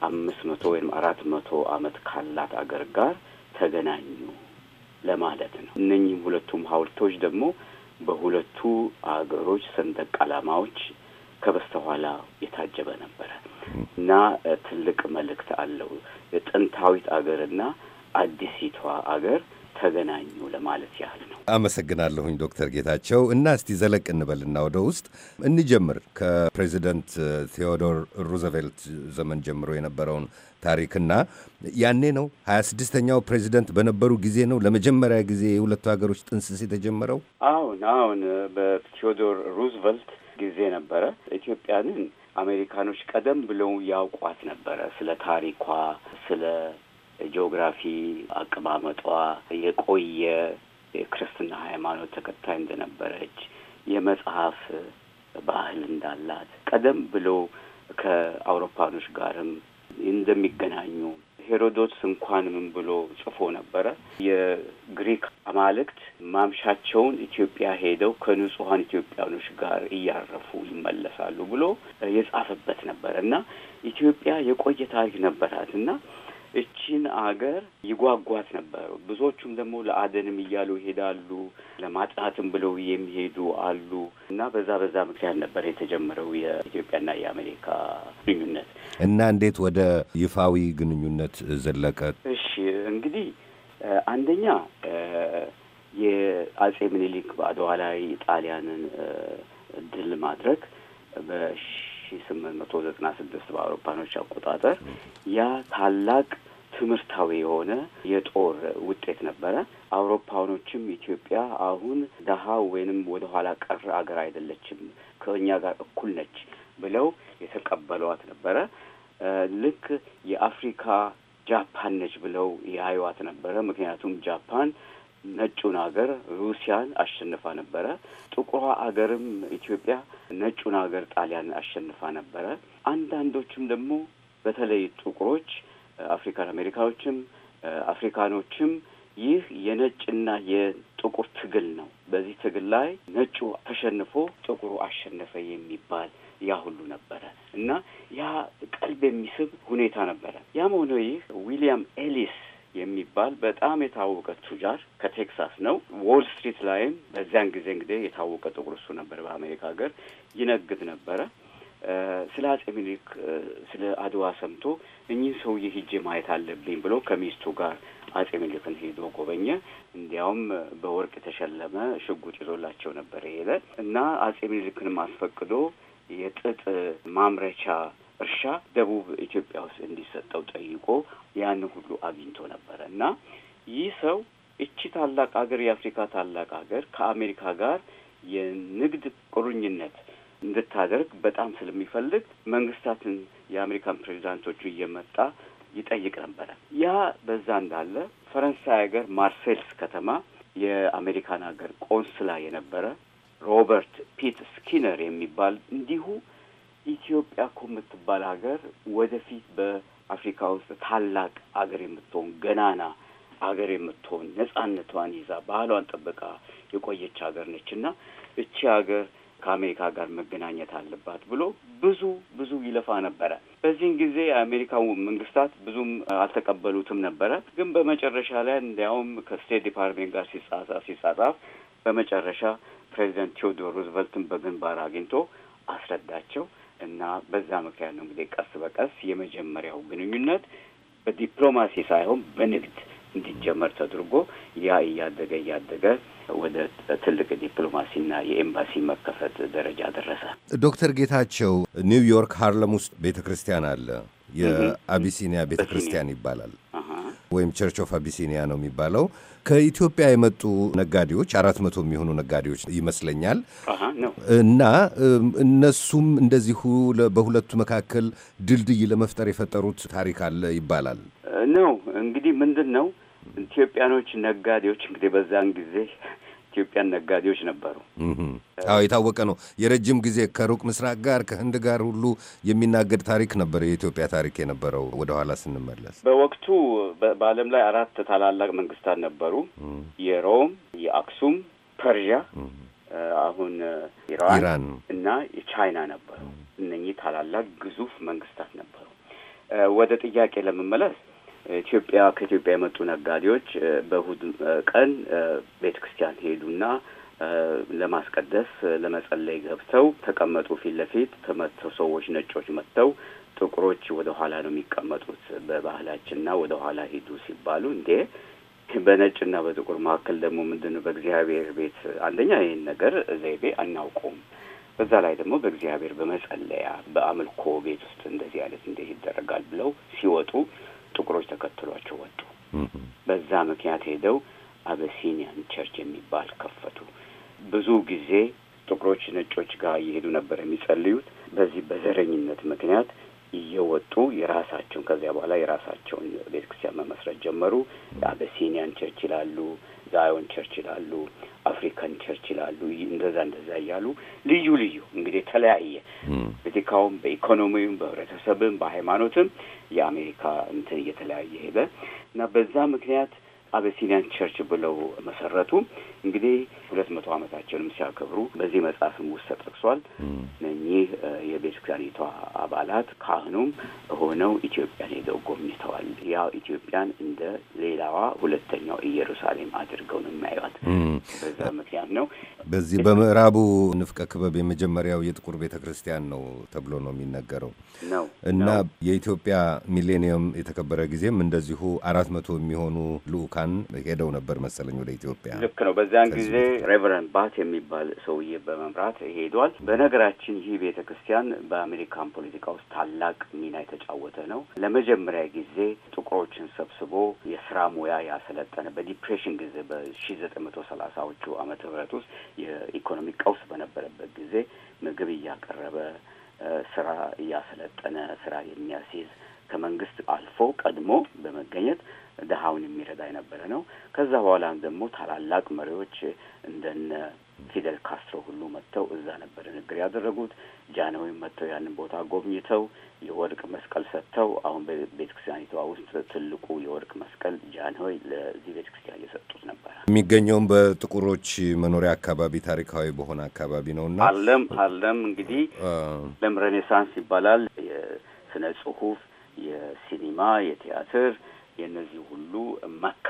Speaker 6: አምስት መቶ ወይም አራት መቶ አመት ካላት አገር ጋር ተገናኙ ለማለት ነው። እነኚህም ሁለቱም ሀውልቶች ደግሞ በሁለቱ አገሮች ሰንደቅ ዓላማዎች ከበስተኋላ የታጀበ ነበረ እና ትልቅ መልእክት አለው። የጥንታዊት አገርና አዲሲቷ አገር ተገናኙ ለማለት ያህል ነው።
Speaker 2: አመሰግናለሁኝ ዶክተር ጌታቸው እና እስቲ ዘለቅ እንበልና ወደ ውስጥ እንጀምር ከፕሬዚደንት ቴዎዶር ሩዘቬልት ዘመን ጀምሮ የነበረውን ታሪክና ያኔ ነው ሀያ ስድስተኛው ፕሬዚደንት በነበሩ ጊዜ ነው ለመጀመሪያ ጊዜ የሁለቱ ሀገሮች ጥንስስ የተጀመረው።
Speaker 6: አሁን አሁን በቴዎዶር ሩዝቨልት ጊዜ ነበረ። ኢትዮጵያንን አሜሪካኖች ቀደም ብለው ያውቋት ነበረ ስለ ታሪኳ ስለ ጂኦግራፊ አቀማመጧ የቆየ የክርስትና ሃይማኖት ተከታይ እንደነበረች የመጽሐፍ ባህል እንዳላት ቀደም ብሎ ከአውሮፓኖች ጋርም እንደሚገናኙ ሄሮዶትስ እንኳን ምን ብሎ ጽፎ ነበረ? የግሪክ አማልክት ማምሻቸውን ኢትዮጵያ ሄደው ከንጹሐን ኢትዮጵያኖች ጋር እያረፉ ይመለሳሉ ብሎ የጻፈበት ነበረ እና ኢትዮጵያ የቆየ ታሪክ ነበራት እና እቺን አገር ይጓጓት ነበሩ። ብዙዎቹም ደግሞ ለአደንም እያሉ ይሄዳሉ፣ ለማጥናትም ብለው የሚሄዱ አሉ እና በዛ በዛ ምክንያት ነበር የተጀመረው የኢትዮጵያና የአሜሪካ ግንኙነት
Speaker 2: እና እንዴት ወደ ይፋዊ ግንኙነት ዘለቀ?
Speaker 6: እሺ እንግዲህ አንደኛ የአጼ ምኒልክ በአድዋ ላይ ጣሊያንን ድል ማድረግ በሺ ስምንት መቶ ዘጠና ስድስት በአውሮፓኖች አቆጣጠር ያ ታላቅ ትምህርታዊ የሆነ የጦር ውጤት ነበረ። አውሮፓኖችም ኢትዮጵያ አሁን ደሀ ወይንም ወደ ኋላ ቀር አገር አይደለችም፣ ከእኛ ጋር እኩል ነች ብለው የተቀበሏት ነበረ። ልክ የአፍሪካ ጃፓን ነች ብለው ያዩዋት ነበረ። ምክንያቱም ጃፓን ነጩን አገር ሩሲያን አሸንፋ ነበረ። ጥቁሯ አገርም ኢትዮጵያ ነጩን አገር ጣሊያን አሸንፋ ነበረ። አንዳንዶችም ደግሞ በተለይ ጥቁሮች አፍሪካን አሜሪካኖችም አፍሪካኖችም ይህ የነጭና የጥቁር ትግል ነው። በዚህ ትግል ላይ ነጩ ተሸንፎ ጥቁሩ አሸነፈ የሚባል ያ ሁሉ ነበረ እና ያ ቀልብ የሚስብ ሁኔታ ነበረ። ያም ሆነ ይህ ዊሊያም ኤሊስ የሚባል በጣም የታወቀ ቱጃር ከቴክሳስ ነው። ዎል ስትሪት ላይም በዚያን ጊዜ እንግዲህ የታወቀ ጥቁር እሱ ነበር። በአሜሪካ ሀገር ይነግድ ነበረ። ስለ አጼ ሚኒሊክ ስለ አድዋ ሰምቶ እኚህ ሰውዬ ሂጄ ማየት አለብኝ ብሎ ከሚስቱ ጋር አጼ ሚኒሊክን ሄዶ ጎበኘ። እንዲያውም በወርቅ የተሸለመ ሽጉጥ ይዞላቸው ነበር የሄደ እና አጼ ሚኒሊክንም አስፈቅዶ የጥጥ ማምረቻ እርሻ ደቡብ ኢትዮጵያ ውስጥ እንዲሰጠው ጠይቆ ያን ሁሉ አግኝቶ ነበረ እና ይህ ሰው እቺ ታላቅ ሀገር የአፍሪካ ታላቅ ሀገር ከአሜሪካ ጋር የንግድ ቁርኝነት እንድታደርግ በጣም ስለሚፈልግ መንግስታትን የአሜሪካን ፕሬዚዳንቶቹ እየመጣ ይጠይቅ ነበረ። ያ በዛ እንዳለ ፈረንሳይ ሀገር ማርሴልስ ከተማ የአሜሪካን ሀገር ቆንስላ የነበረ ሮበርት ፒት ስኪነር የሚባል እንዲሁ ኢትዮጵያ እኮ የምትባል ሀገር ወደፊት በአፍሪካ ውስጥ ታላቅ አገር የምትሆን ገናና አገር የምትሆን ነጻነቷን ይዛ ባህሏን ጠብቃ የቆየች ሀገር ነች እና እቺ ሀገር ከአሜሪካ ጋር መገናኘት አለባት ብሎ ብዙ ብዙ ይለፋ ነበረ። በዚህን ጊዜ የአሜሪካ መንግስታት ብዙም አልተቀበሉትም ነበረ። ግን በመጨረሻ ላይ እንዲያውም ከስቴት ዲፓርትሜንት ጋር ሲጻጻፍ ሲጻጻፍ በመጨረሻ ፕሬዚደንት ቴዎዶር ሩዝቨልትን በግንባር አግኝቶ አስረዳቸው። እና በዛ ምክንያት ነው እንግዲህ ቀስ በቀስ የመጀመሪያው ግንኙነት በዲፕሎማሲ ሳይሆን በንግድ እንዲጀመር ተደርጎ ያ እያደገ እያደገ ወደ ትልቅ ዲፕሎማሲና የኤምባሲ መከፈት ደረጃ ደረሰ።
Speaker 2: ዶክተር ጌታቸው ኒውዮርክ ሃርለም ውስጥ ቤተ ክርስቲያን አለ። የአቢሲኒያ ቤተ ክርስቲያን ይባላል። ወይም ቸርች ኦፍ አቢሲኒያ ነው የሚባለው። ከኢትዮጵያ የመጡ ነጋዴዎች አራት መቶ የሚሆኑ ነጋዴዎች ይመስለኛል እና እነሱም እንደዚሁ በሁለቱ መካከል ድልድይ ለመፍጠር የፈጠሩት ታሪክ አለ ይባላል
Speaker 6: ነው። እንግዲህ ምንድን ነው ኢትዮጵያኖች ነጋዴዎች እንግዲህ በዛን ጊዜ ኢትዮጵያን ነጋዴዎች ነበሩ።
Speaker 2: አዎ የታወቀ ነው። የረጅም ጊዜ ከሩቅ ምስራቅ ጋር ከህንድ ጋር ሁሉ የሚናገድ ታሪክ ነበር የኢትዮጵያ ታሪክ የነበረው። ወደኋላ ስንመለስ
Speaker 6: በወቅቱ በዓለም ላይ አራት ታላላቅ መንግስታት ነበሩ። የሮም፣ የአክሱም፣ ፐርዣ አሁን ኢራን እና የቻይና ነበሩ። እነኚህ ታላላቅ ግዙፍ መንግስታት ነበሩ። ወደ ጥያቄ ለመመለስ ኢትዮጵያ ከኢትዮጵያ የመጡ ነጋዴዎች በእሁድ ቀን ቤተ ክርስቲያን ሄዱና ለማስቀደስ ለመጸለይ ገብተው ተቀመጡ። ፊት ለፊት ከመጥተው ሰዎች ነጮች መጥተው ጥቁሮች ወደ ኋላ ነው የሚቀመጡት በባህላችንና ወደ ኋላ ሂዱ ሲባሉ እንዴ በነጭና በጥቁር መካከል ደግሞ ምንድን ነው? በእግዚአብሔር ቤት አንደኛ ይህን ነገር ዘይቤ አናውቀውም። በዛ ላይ ደግሞ በእግዚአብሔር በመጸለያ በአምልኮ ቤት ውስጥ እንደዚህ አይነት እንዴት ይደረጋል ብለው ሲወጡ ጥቁሮች ተከትሏቸው ወጡ። በዛ ምክንያት ሄደው አበሲኒያን ቸርች የሚባል ከፈቱ። ብዙ ጊዜ ጥቁሮች ነጮች ጋር እየሄዱ ነበር የሚጸልዩት። በዚህ በዘረኝነት ምክንያት እየወጡ የራሳቸውን ከዚያ በኋላ የራሳቸውን ቤተክርስቲያን መመስረት ጀመሩ። የአበሲኒያን ቸርች ይላሉ። ዛዮን ቸርች ይላሉ፣ አፍሪካን ቸርች ይላሉ። እንደዛ እንደዛ እያሉ ልዩ ልዩ እንግዲህ የተለያየ ፖለቲካውም፣ በኢኮኖሚውም፣ በህብረተሰብም፣ በሃይማኖትም የአሜሪካ እንትን እየተለያየ ሄደ እና በዛ ምክንያት አበሲኒያን ቸርች ብለው መሰረቱ። እንግዲህ ሁለት መቶ ዓመታቸውንም ሲያከብሩ በዚህ መጽሐፍም ውስጥ ተጠቅሷል። እነኚህ የቤተ ክርስቲያኒቷ አባላት ካህኑም ሆነው ኢትዮጵያን ሄደው ጎብኝተዋል። ያው ኢትዮጵያን እንደ ሌላዋ ሁለተኛው ኢየሩሳሌም አድርገው ነው የሚያዩት። በዛ ምክንያት ነው በዚህ
Speaker 2: በምዕራቡ ንፍቀ ክበብ የመጀመሪያው የጥቁር ቤተ ክርስቲያን ነው ተብሎ ነው የሚነገረው ነው እና የኢትዮጵያ ሚሌኒየም የተከበረ ጊዜም እንደዚሁ አራት መቶ የሚሆኑ ልኡካን ሄደው ነበር መሰለኝ ወደ ኢትዮጵያ።
Speaker 6: ልክ ነው። በዚያን ጊዜ ሬቨረንድ ባት የሚባል ሰውዬ በመምራት ሄዷል። በነገራችን ይህ ቤተ ክርስቲያን በአሜሪካን ፖለቲካ ውስጥ ታላቅ ሚና የተጫወተ ነው። ለመጀመሪያ ጊዜ ጥቁሮችን ሰብስቦ የስራ ሙያ ያሰለጠነ በዲፕሬሽን ጊዜ በሺ ዘጠኝ መቶ ሰላሳዎቹ ዓመተ ምህረት ውስጥ የኢኮኖሚ ቀውስ በነበረበት ጊዜ ምግብ እያቀረበ ስራ እያሰለጠነ ስራ የሚያስይዝ ከመንግስት አልፎ ቀድሞ በመገኘት ድሀውን የሚረዳ የነበረ ነው። ከዛ በኋላም ደግሞ ታላላቅ መሪዎች እንደነ ፊደል ካስትሮ ሁሉ መጥተው እዛ ነበር ንግግር ያደረጉት። ጃንሆይም መጥተው ያንን ቦታ ጎብኝተው የወርቅ መስቀል ሰጥተው አሁን በቤተ ክርስቲያኒቷ ውስጥ ትልቁ የወርቅ መስቀል ጃንሆይ ለዚህ ቤተ ክርስቲያን የሰጡት
Speaker 2: ነበረ። የሚገኘውም በጥቁሮች መኖሪያ አካባቢ ታሪካዊ በሆነ አካባቢ ነው እና አለም
Speaker 6: አለም እንግዲህ ለም ሬኔሳንስ ይባላል የስነ ጽሁፍ የሲኒማ የቲያትር የእነዚህ ሁሉ መካ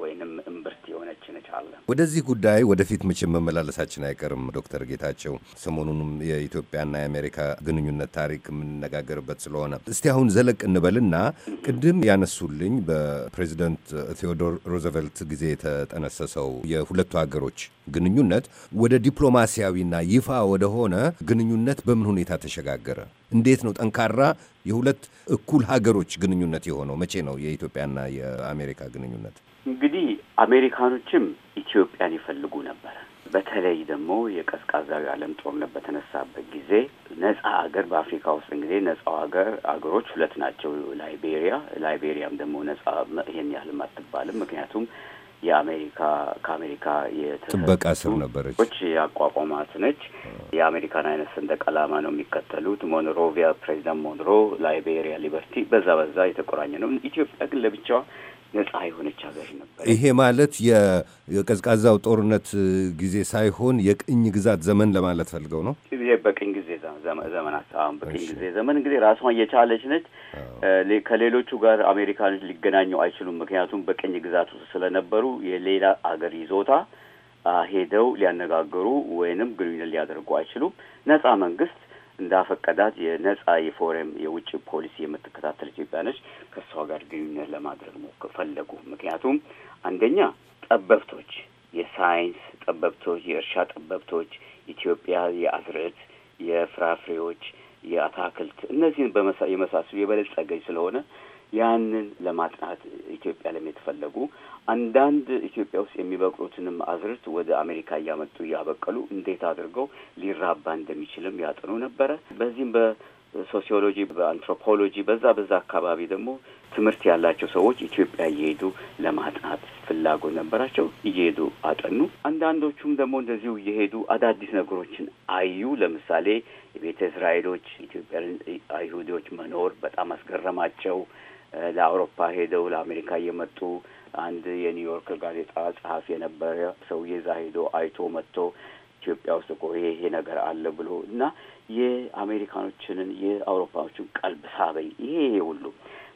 Speaker 6: ወይንም እምብርት የሆነች ነች አለ።
Speaker 2: ወደዚህ ጉዳይ ወደፊት መቼም መመላለሳችን አይቀርም ዶክተር ጌታቸው ሰሞኑንም የኢትዮጵያና የአሜሪካ ግንኙነት ታሪክ የምንነጋገርበት ስለሆነ እስቲ አሁን ዘለቅ እንበልና ቅድም ያነሱልኝ በፕሬዚደንት ቴዎዶር ሮዘቨልት ጊዜ የተጠነሰሰው የሁለቱ ሀገሮች ግንኙነት ወደ ዲፕሎማሲያዊና ይፋ ወደሆነ ግንኙነት በምን ሁኔታ ተሸጋገረ? እንዴት ነው ጠንካራ የሁለት እኩል ሀገሮች ግንኙነት የሆነው? መቼ ነው የኢትዮጵያና
Speaker 6: የአሜሪካ ግንኙነት? እንግዲህ አሜሪካኖችም ኢትዮጵያን ይፈልጉ ነበር። በተለይ ደግሞ የቀዝቃዛዊ ዓለም ጦርነት በተነሳበት ጊዜ ነጻ ሀገር በአፍሪካ ውስጥ እንግዲህ ነጻው ሀገር ሀገሮች ሁለት ናቸው። ላይቤሪያ ላይቤሪያም ደግሞ ነጻ ይሄን ያህል አትባልም። ምክንያቱም የአሜሪካ ከአሜሪካ የጥበቃ ስር ነበረች ያቋቋማት ነች። የአሜሪካን አይነት ሰንደቅ ዓላማ ነው የሚከተሉት። ሞንሮቪያ ፕሬዚዳንት ሞንሮ፣ ላይቤሪያ ሊበርቲ፣ በዛ በዛ የተቆራኘ ነው። ኢትዮጵያ ግን ለብቻዋ ነጻ የሆነች ሀገር ነበር። ይሄ
Speaker 2: ማለት የቀዝቃዛው ጦርነት ጊዜ ሳይሆን የቅኝ ግዛት ዘመን ለማለት ፈልገው ነው።
Speaker 6: በቅኝ ጊዜ ዘመናት አሁን በቅኝ ጊዜ ዘመን እንግዲህ ራሷን እየቻለች ነች። ከሌሎቹ ጋር አሜሪካኖች ሊገናኙ አይችሉም። ምክንያቱም በቅኝ ግዛት ውስጥ ስለነበሩ የሌላ አገር ይዞታ ሄደው ሊያነጋግሩ ወይንም ግንኙነት ሊያደርጉ አይችሉም። ነጻ መንግስት እንዳፈቀዳት የነጻ የፎረም የውጭ ፖሊሲ የምትከታተል ኢትዮጵያ ነች። ከእሷ ጋር ግንኙነት ለማድረግ ሞክር ፈለጉ። ምክንያቱም አንደኛ ጠበብቶች የሳይንስ ጠበብቶች፣ የእርሻ ጠበብቶች ኢትዮጵያ የአዝርዕት የፍራፍሬዎች፣ የአታክልት እነዚህን የመሳሰሉ የበለጸገች ስለሆነ ያንን ለማጥናት ኢትዮጵያ የተፈለጉ አንዳንድ ኢትዮጵያ ውስጥ የሚበቅሉትንም አዝርት ወደ አሜሪካ እያመጡ እያበቀሉ እንዴት አድርገው ሊራባ እንደሚችልም ያጥኑ ነበረ። በዚህም ሶሲዮሎጂ፣ በአንትሮፖሎጂ በዛ በዛ አካባቢ ደግሞ ትምህርት ያላቸው ሰዎች ኢትዮጵያ እየሄዱ ለማጥናት ፍላጎት ነበራቸው። እየሄዱ አጠኑ። አንዳንዶቹም ደግሞ እንደዚሁ እየሄዱ አዳዲስ ነገሮችን አዩ። ለምሳሌ የቤተ እስራኤሎች ኢትዮጵያ አይሁዲዎች መኖር በጣም አስገረማቸው። ለአውሮፓ ሄደው ለአሜሪካ እየመጡ አንድ የኒውዮርክ ጋዜጣ ጸሐፊ የነበረ ሰውዬ እዛ ሄዶ አይቶ መጥቶ ኢትዮጵያ ውስጥ እኮ ይሄ ነገር አለ ብሎ እና የአሜሪካኖችንን የአውሮፓኖችን ቀልብ ሳበኝ። ይሄ ይሄ ሁሉ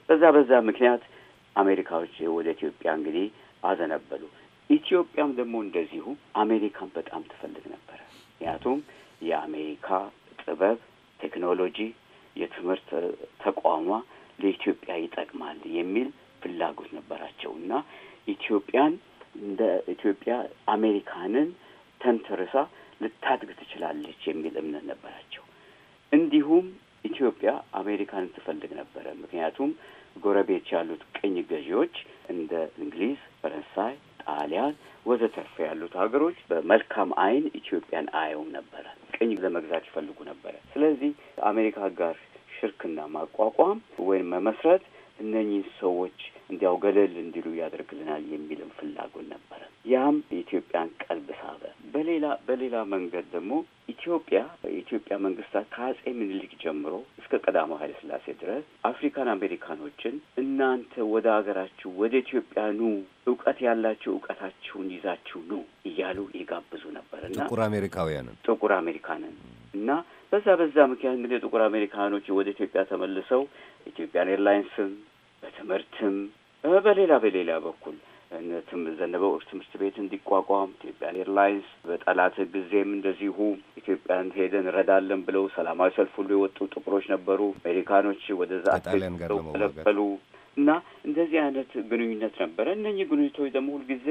Speaker 6: በዛ በዛ ምክንያት አሜሪካኖች ወደ ኢትዮጵያ እንግዲህ አዘነበሉ። ኢትዮጵያም ደግሞ እንደዚሁ አሜሪካን በጣም ትፈልግ ነበረ። ምክንያቱም የአሜሪካ ጥበብ፣ ቴክኖሎጂ፣ የትምህርት ተቋሟ ለኢትዮጵያ ይጠቅማል የሚል ፍላጎት ነበራቸው እና ኢትዮጵያን እንደ ኢትዮጵያ አሜሪካንን ተንተርሳ ልታድግ ትችላለች የሚል እምነት ነበራቸው። እንዲሁም ኢትዮጵያ አሜሪካን ትፈልግ ነበረ። ምክንያቱም ጎረቤት ያሉት ቅኝ ገዢዎች እንደ እንግሊዝ፣ ፈረንሳይ፣ ጣሊያን ወዘተርፈ ያሉት ሀገሮች በመልካም አይን ኢትዮጵያን አየውም ነበረ። ቅኝ ለመግዛት ይፈልጉ ነበረ። ስለዚህ አሜሪካ ጋር ሽርክና ማቋቋም ወይም መመስረት እነኚህ ሰዎች እንዲያው ገለል እንዲሉ ያደርግልናል የሚልም ፍላጎት ነበረ። ያም የኢትዮጵያን ቀልብ ሳበ። በሌላ በሌላ መንገድ ደግሞ ኢትዮጵያ የኢትዮጵያ መንግስታት ከአጼ ምኒልክ ጀምሮ እስከ ቀዳማዊ ኃይለ ሥላሴ ድረስ አፍሪካን አሜሪካኖችን እናንተ ወደ ሀገራችሁ ወደ ኢትዮጵያ ኑ፣ እውቀት ያላችሁ እውቀታችሁን ይዛችሁ ኑ እያሉ ይጋብዙ ነበር እና ጥቁር አሜሪካውያንን ጥቁር አሜሪካንን እና በዛ በዛ ምክንያት እንግዲህ ጥቁር አሜሪካኖች ወደ ኢትዮጵያ ተመልሰው ኢትዮጵያን ኤርላይንስን በትምህርትም በሌላ በሌላ በኩል ዘነበው ትምህርት ቤት እንዲቋቋም ኢትዮጵያን ኤርላይንስ በጠላት ጊዜም እንደዚሁ ኢትዮጵያን ሄደን እንረዳለን ብለው ሰላማዊ ሰልፍ ሁሉ የወጡ ጥቁሮች ነበሩ። አሜሪካኖች ወደዛ ተለበሉ እና እንደዚህ አይነት ግንኙነት ነበረ። እነኚህ ግንኙነቶች ደግሞ ሁልጊዜ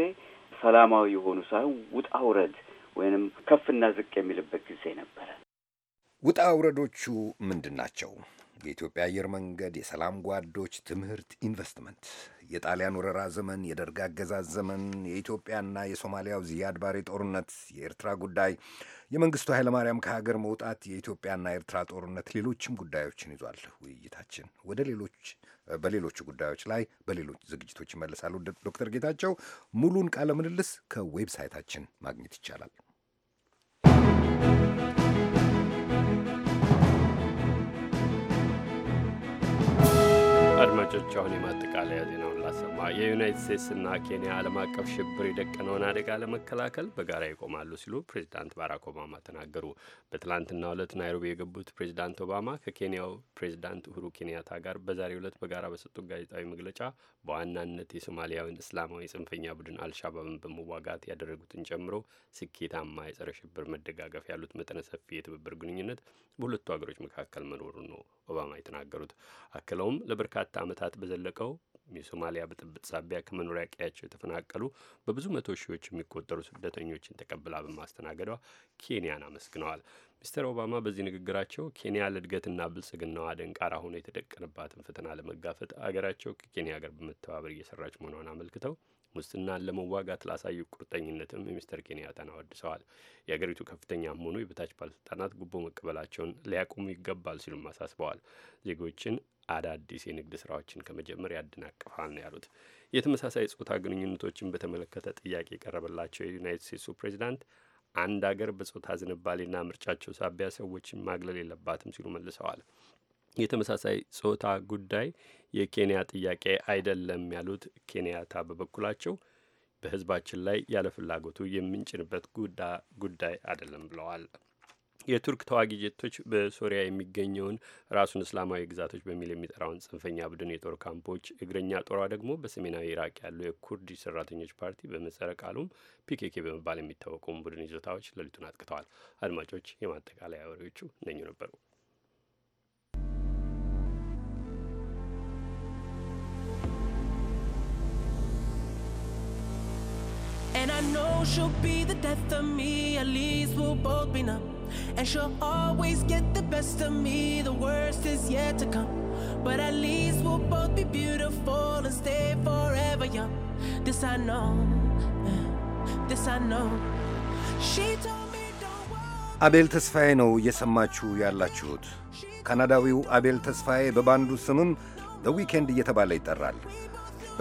Speaker 6: ሰላማዊ የሆኑ ሳይሆን ውጣ ውረድ ወይንም ከፍና ዝቅ የሚልበት ጊዜ ነበረ።
Speaker 2: ውጣ ውረዶቹ ምንድን ናቸው? የኢትዮጵያ አየር መንገድ፣ የሰላም ጓዶች፣ ትምህርት፣ ኢንቨስትመንት፣ የጣሊያን ወረራ ዘመን፣ የደርግ አገዛዝ ዘመን፣ የኢትዮጵያና የሶማሊያው ዚያድ ባሬ ጦርነት፣ የኤርትራ ጉዳይ፣ የመንግስቱ ኃይለማርያም ከሀገር መውጣት፣ የኢትዮጵያና ኤርትራ ጦርነት፣ ሌሎችም ጉዳዮችን ይዟል። ውይይታችን ወደ ሌሎች በሌሎቹ ጉዳዮች ላይ በሌሎች ዝግጅቶች ይመለሳሉ። ዶክተር ጌታቸው ሙሉን ቃለ ምልልስ ከዌብሳይታችን ማግኘት ይቻላል።
Speaker 1: አድማጮች አሁን የማጠቃለያ ዜናውን ላሰማ። የዩናይትድ ስቴትስና ኬንያ ዓለም አቀፍ ሽብር የደቀነውን አደጋ ለመከላከል በጋራ ይቆማሉ ሲሉ ፕሬዚዳንት ባራክ ኦባማ ተናገሩ። በትላንትናው ዕለት ናይሮቢ የገቡት ፕሬዚዳንት ኦባማ ከኬንያው ፕሬዚዳንት ኡሁሩ ኬንያታ ጋር በዛሬው ዕለት በጋራ በሰጡት ጋዜጣዊ መግለጫ በዋናነት የሶማሊያውን እስላማዊ ጽንፈኛ ቡድን አልሻባብን በመዋጋት ያደረጉትን ጨምሮ ስኬታማ የጸረ ሽብር መደጋገፍ ያሉት መጠነ ሰፊ የትብብር ግንኙነት በሁለቱ ሀገሮች መካከል መኖሩን ነው ኦባማ የተናገሩት። አክለውም ለበርካታ ለበርካታ ዓመታት በዘለቀው የሶማሊያ ብጥብጥ ሳቢያ ከመኖሪያ ቀያቸው የተፈናቀሉ በብዙ መቶ ሺዎች የሚቆጠሩ ስደተኞችን ተቀብላ በማስተናገዷ ኬንያን አመስግነዋል። ሚስተር ኦባማ በዚህ ንግግራቸው ኬንያ ለእድገትና ብልጽግናዋ ደንቃራ ሆኖ የተደቀንባትን ፈተና ለመጋፈጥ አገራቸው ከኬንያ ጋር በመተባበር እየሰራች መሆኗን አመልክተው ሙስናን ለመዋጋት ላሳዩ ቁርጠኝነትም የሚስተር ኬንያታን አወድሰዋል። የአገሪቱ ከፍተኛ ሆኑ የበታች ባለስልጣናት ጉቦ መቀበላቸውን ሊያቆሙ ይገባል ሲሉም አሳስበዋል። ዜጎችን አዳዲስ የንግድ ስራዎችን ከመጀመር ያደናቅፋል ነው ያሉት። የተመሳሳይ ጾታ ግንኙነቶችን በተመለከተ ጥያቄ የቀረበላቸው የዩናይትድ ስቴትሱ ፕሬዚዳንት አንድ አገር በጾታ ዝንባሌና ምርጫቸው ሳቢያ ሰዎችን ማግለል የለባትም ሲሉ መልሰዋል። የተመሳሳይ ጾታ ጉዳይ የኬንያ ጥያቄ አይደለም ያሉት ኬንያታ በበኩላቸው በህዝባችን ላይ ያለ ፍላጎቱ የምንጭንበት ጉዳይ አይደለም ብለዋል። የቱርክ ተዋጊ ጀቶች በሶሪያ የሚገኘውን ራሱን እስላማዊ ግዛቶች በሚል የሚጠራውን ጽንፈኛ ቡድን የጦር ካምፖች፣ እግረኛ ጦሯ ደግሞ በሰሜናዊ ኢራቅ ያለው የኩርድ ሰራተኞች ፓርቲ በምህጻረ ቃሉም ፒኬኬ በመባል የሚታወቀውን ቡድን ይዞታዎች ሌሊቱን አጥቅተዋል። አድማጮች፣ የማጠቃለያ ወሬዎቹ እነኙ ነበሩ።
Speaker 4: And I know she'll be the death of me, at least we'll both be numb. And she'll always get the best of me, the worst is yet to come. But at least we'll both be beautiful and stay forever young. This I know, this I know. She told me
Speaker 2: don't worry. አቤል ተስፋዬ ነው እየሰማችሁ ያላችሁት። ካናዳዊው አቤል ተስፋዬ በባንዱ ስምም ዘ ዊኬንድ እየተባለ ይጠራል።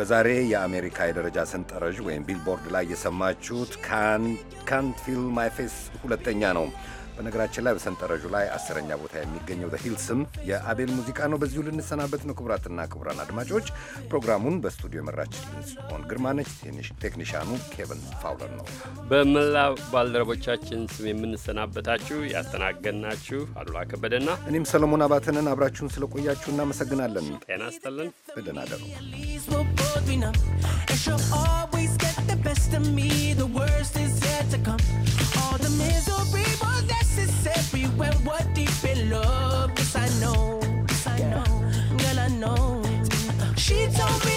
Speaker 2: በዛሬ የአሜሪካ የደረጃ ሰንጠረዥ ወይም ቢልቦርድ ላይ የሰማችሁት ካንት ፊል ማይ ፌስ ሁለተኛ ነው። በነገራችን ላይ በሰንጠረዡ ላይ አስረኛ ቦታ የሚገኘው ስም የአቤል ሙዚቃ ነው። በዚሁ ልንሰናበት ነው። ክቡራትና ክቡራን አድማጮች ፕሮግራሙን በስቱዲዮ መራችልን ጽዮን ግርማነች፣ ቴክኒሻኑ
Speaker 1: ኬቨን ፋውለር ነው። በመላ ባልደረቦቻችን ስም የምንሰናበታችሁ ያስተናገድናችሁ አሉላ ከበደና
Speaker 2: እኔም ሰለሞን አባተንን አብራችሁን ስለቆያችሁ እናመሰግናለን። ጤና ይስጥልን። በደህና ደሩ።
Speaker 4: best of me, the worst is yet to come. All the misery. necessary when we're deep in love. Yes, I know. Yes, I know. Girl, I know. She told me